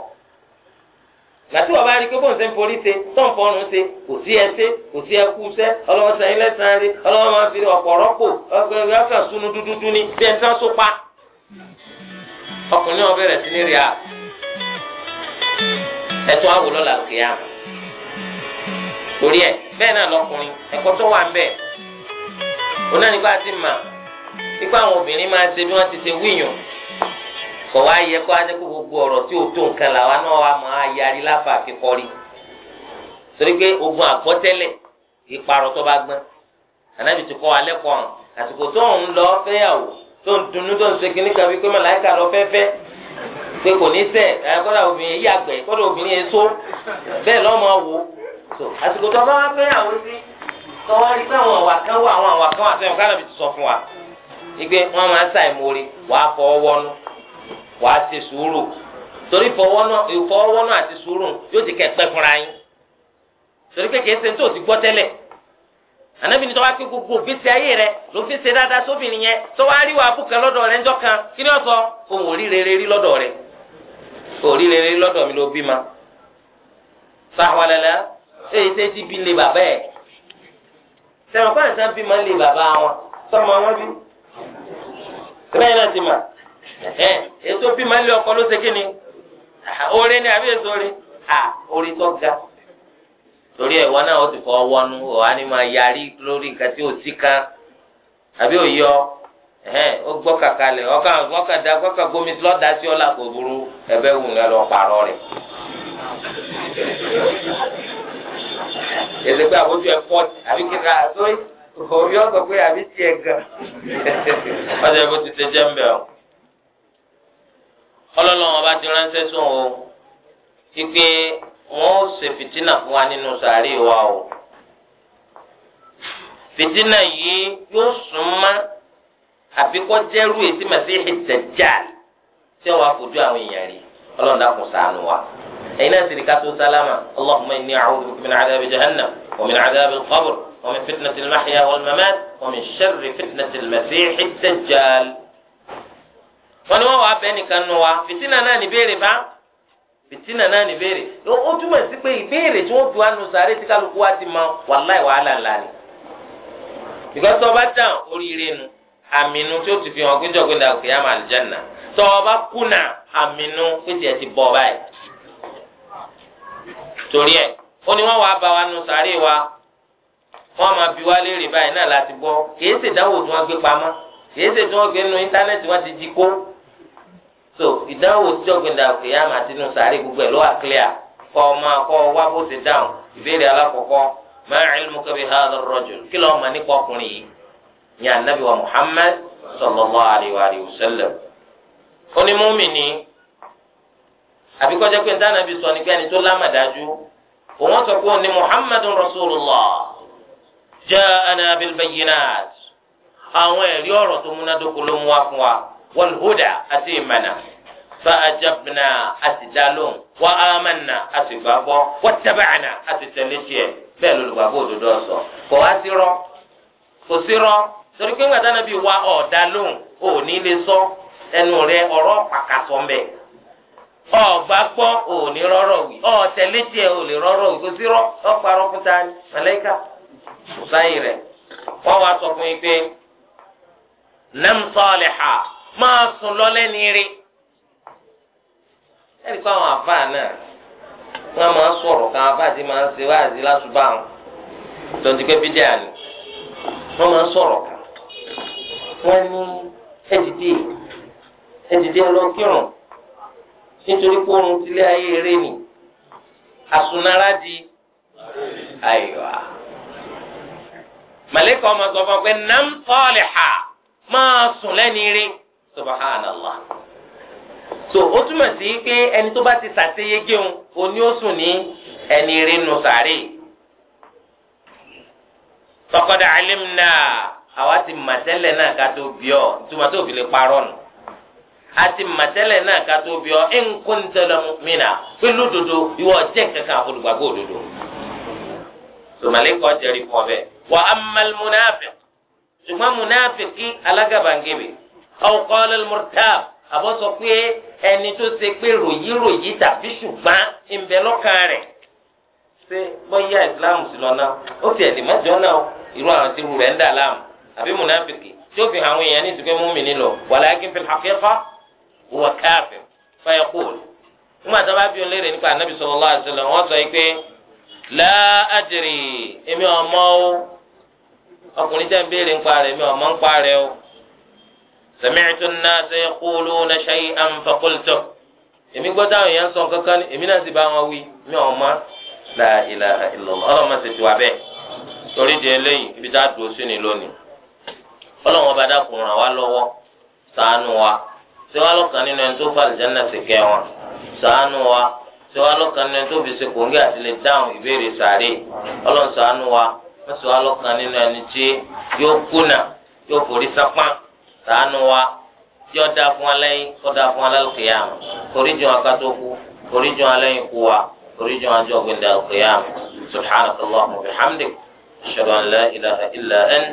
Speaker 1: gbàtí wọn bá rí pé bóun ṣe ń forí ṣe tọ́ǹpù ọrùn ṣe kò sí ẹsẹ kò sí ẹkú ṣẹ ọlọ́wọ́ sẹ́yìn lẹ́sàn-án rí ọlọ́wọ́ máa fi ọ̀pọ̀ rọ́pò ọgbẹ́ ọ̀fẹ́ sunu dúdú ní bí ẹni tí wọ́n so pa ọkùnrin náà bẹ̀rẹ̀ sí ní rí a ẹtún àwòlọ là kìá torí ẹ bẹ́ẹ̀ náà lọkùnrin ẹ̀kọ́ tó wà ń bẹ onáníkó àti mà pípa àwọn obìnrin máa ṣe bí wọ́n ti ṣe wíyàn kọ wá yẹ kó adé kó gbogbo ọ̀rọ̀ tí o tó nǹkan làwa náà wà máa yarí láfa àfikọrí torí pé ogun àgbọ́tẹ́lẹ̀ ìparọ̀ tó bá gbọ́n ànábì ti kọ́ alẹ́ kọ́ ọ̀hún àsìkò tó ń lọ fẹ́yàwó tó ń dunnú tó ń ṣe kínní kan wípé màláìka lọ fẹ́fẹ́ pé kò ní sẹ ẹ kọ́dà obìnrin yí àgbẹ̀ kọ́dà obìnrin yẹn só bẹ́ẹ̀ so àsìkò tó bá wá fẹ́
Speaker 2: àwọn sí tọ́wọ́ rí pé àwọn àwà kan wà àwọn àwà kan wà sẹ́yìn
Speaker 1: sọ fún wa igbe wọn máa ń sàì mórí wàá wàá sùúrù torí àti sùúrù yóò ti kẹ́ pẹ́ fúnra yín torí pé kìí ṣe tó ti gbọ́ tẹ́lẹ̀ pé gbogbo ayé rẹ ló fi ṣe dáadáa sóbìnrin yẹn rí wàá bùkẹ́ lọ́dọ̀ rẹ ńjọ́ kan kí ni ọ̀sọ́ òun orí rere lọ́dọ̀ mi ló bí ma sáwalẹ̀lẹ̀ èyí tẹ́ ti bí lé bàbá ẹ̀ sẹ́wọ̀n fún àìsàn bí ma lé bàbá wọn sọ́mọ wọn bí sẹ́wọ̀n náà ti mà ẹ̀ ètò bí ma lé ọkọ ló ṣe kí ni orí ni àbí èso rí à orí tó ga torí ẹ̀wọ́ náà ó ti fọ́ wọnú ọ̀hánimọ̀ yarí lórí nǹkan tí ò sí kan àbí òyọ́ ẹ ó gbọ́ kàkà lẹ̀ ọkà ọkà da ọkà gbomi lọ́dà sí ọ̀la kò burú ẹ̀bẹ̀ wù ní ọlọ́ pààrọ̀ rẹ̀. èdèpé àbójú ẹ pọ́ àbí kíkà àtúwé òbí ọ̀sọ̀ pé àbí tiẹ̀ gan. ọjọ́ ìbò ti ṣe jẹ́ ń bẹ̀ ọ́. ọlọ́lọ́wọ́n ti ránṣẹ́ sùn o pípé wọn ó ṣe fìtínà fún wa nínú sàárè wa o. fìtínà yìí yóò sún mọ́ àfikọ́ jẹ́rú èsì màsíhì dàjáàlì tí wọ́n wá fojú àwọn èèyàn rí ọlọ́run dákun ṣàánú wa. ẹ̀yin náà sì ní ká tó sálámà allahumma inni a'udhu bika min adhabi jahannam wa min adhabi al-qabr wa min fitnati al-mahya wal-mamat wa min sharri fitnati al-masihi dàjáàlì. wọ́n ní wọ́n wá bẹ́ẹ̀ nìkan nù wa fìtínà náà ní béèrè bá fìtínà náà ní béèrè ó túmọ̀ sí pé ìbéèrè tí wọ́n fi wá nù sàárè tí kálukú wa ti mọ wàláì wàhálà ńlá ni. ìgbà tó o bá dàn oríire nu àmínú tí ó ti fi hàn pé jọ̀gbìn náà kìí àmà àlìjáná tọ́ ọ bá kùnà àmínú pé tiẹ̀ ti bọ̀ báyìí. torí ẹ̀ ó ní wọ́n wàá bá wa nu sàárè wa wọ́n máa bi wá léèrè báyìí náà láti gbọ́ kìí ṣèdánwò tí wọ́n gbé pamọ́ kìí ṣe tí wọ́n gbé nu íńtánẹ́ẹ̀tì wọ́n ti jí kó so ìdánwò tí jọ̀gbìn náà kìí àmà àti nu sàárè gbogbo ẹ̀ ló wà clear kọ́ ọ máa kọ́ ọ wá bó ṣe dáhùn ìbéèrè alákọ̀ọ́kọ́ ma ilmuka bi hadha ar kí lọ́ọ́ mọ̀ nípa ọkùnrin yìí ní anabi wa muhammad sallallahu alayhi wa sallam onímọ̀mìnì àbíkọ́jẹ́ pé ní anabi sọ ní pé ẹni tó lámàdájú òun sọ pé òun ni muhammadu rasulullah ja'ana bil bayyinat àwọn ẹ̀rí ọ̀rọ̀ tó múnádóko ló mú wa fún wa wal huda àti ìmànà fa ajabna àti dalóhùn wa amanna àti gbàgbọ́ wa taba'na àti tẹ̀lé tiẹ̀ bẹ́ẹ̀ ló òdodo ọ̀sọ̀ kò wá sí rọ́ kò sí rọ́. torí pé wa ọ̀dà lóhùn ò ní sọ ẹnu rẹ ọ̀rọ̀ pàkàtọ̀ mbẹ gbọ́ ò ní rọ́rọ̀ wì tiẹ̀ ò lè rọ́rọ̀ wì fún ta ni sáyìn wọ́n wá sọ fún yín pé máa sùn lọ́lẹ́ ní rí àwọn àbá náà máa sọ̀rọ̀ kan àbá ti máa ń wáyé wọ́n ní ẹ̀dìdì ẹ̀dìdì ọlọ́kírun nítorí pé oorun tilé ayé eré ni àsunara di àyíwá. màlẹ́kà ọmọ sọ fún ọ pé nam saliha máa sùn lẹ́ni rí subhanallah. so ó túmọ̀ sí pé ẹni tó bá ti ní ẹni rí nù sàárè. àwa ti mà tẹ́lẹ̀ náà ká tó bí ọ túmọ̀ tó fi lè parọ́ nù àti mà tẹ́lẹ̀ náà ká tó bí ọ in kunta pẹ̀lú dodo ìwọ jẹ́ kankan olùgbàgbọ́ òdodo sọmọlẹ́kọ̀ọ́ jẹ́rìí fún ọ bẹ́ẹ̀ wa amal munafiq ṣùgbọ́n munafiki alágàbàǹgebè aw qala al-murtab àbọ̀ sọ pé ẹni tó ṣe pé ròyìnròyìn tàbí ṣùgbọ́n ìbẹ̀lọ́kàn rẹ̀ ṣe bọ́yá ìsìláàmù sí lọ́nà ó ti ẹ̀dì mọ́jọ́ náà irú àwọn tí irú rẹ̀ ń dà láàmú àbí munafiki tí ó fi hàn àwọn èèyàn ní ìsìnkú mùmínì lọ walakin fil haqiqa huwa kafir fa yaqul nígbà tó bá bí wọn léèrè nípa anabi sallallahu alaihi wasallam wọn sọ yìí pé la adri èmi ọmọ o ọkùnrin tẹ́ ń béèrè ń parẹ́ èmi ọmọ ń parẹ́ o sami'tu an-nasa yaquluna shay'an faqultu èmi gbọ́ táwọn èèyàn sọ kankan èmi náà sì bá wọn wí mi ò mọ la ilaha illallah ọlọ́mọ sì ti wà bẹ́ẹ̀ torí di eléyìí ibi tá a dùn sí ni lónìí ọlọ́run ọba dàkùn ràn wá lọ́wọ́ ṣàánú wa ṣé wàá lọ́kàn nínú ẹni tó fàlì jẹ́nà sí kẹ́ wọn ṣàánú wa ṣé wàá lọ́kàn nínú ẹni tó fi ṣe kòńgẹ́ àti lè dáhùn ìbéèrè sàárè ọlọ́run ṣàánú wa wọ́n lọ́kàn nínú ẹni tí yóò kùnà yóò forí sápá ṣàánú wa tí ó fún alẹ́yìn kó dáa fún alálùkìyàmù oríjìn wa ká tó kú oríjìn alẹ́yìn kú wa oríjìn wa jọ gbẹ̀dẹ̀ alùkìyàmù subhanahu wa ta'ala wa bihamdik ilaha illa ant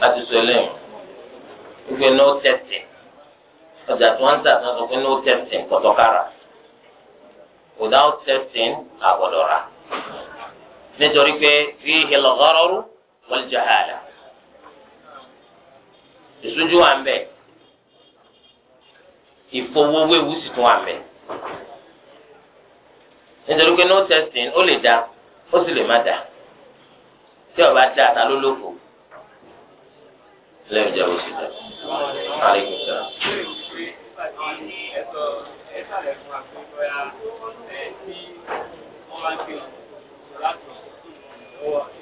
Speaker 2: láti sọ eléyìí
Speaker 1: wípé no testing ọjà tí wọ́n ń tà tí wọ́n sọ pé no testing kọ̀tọ́kára without testing àgbọ̀dọ̀ rà nítorí pé fi hìlọ̀ ọ̀rọ̀rù wal jahala ìṣújú wà ń bẹ̀ ìfowówéwu sì tún wà ń bẹ̀ nítorí pé no testing ó lè dá ó sì lè má dá tí ọba dá ta ló lóko lẹ́yìn ìjà oṣù tẹ̀ alaikum salaam.
Speaker 2: Thank you.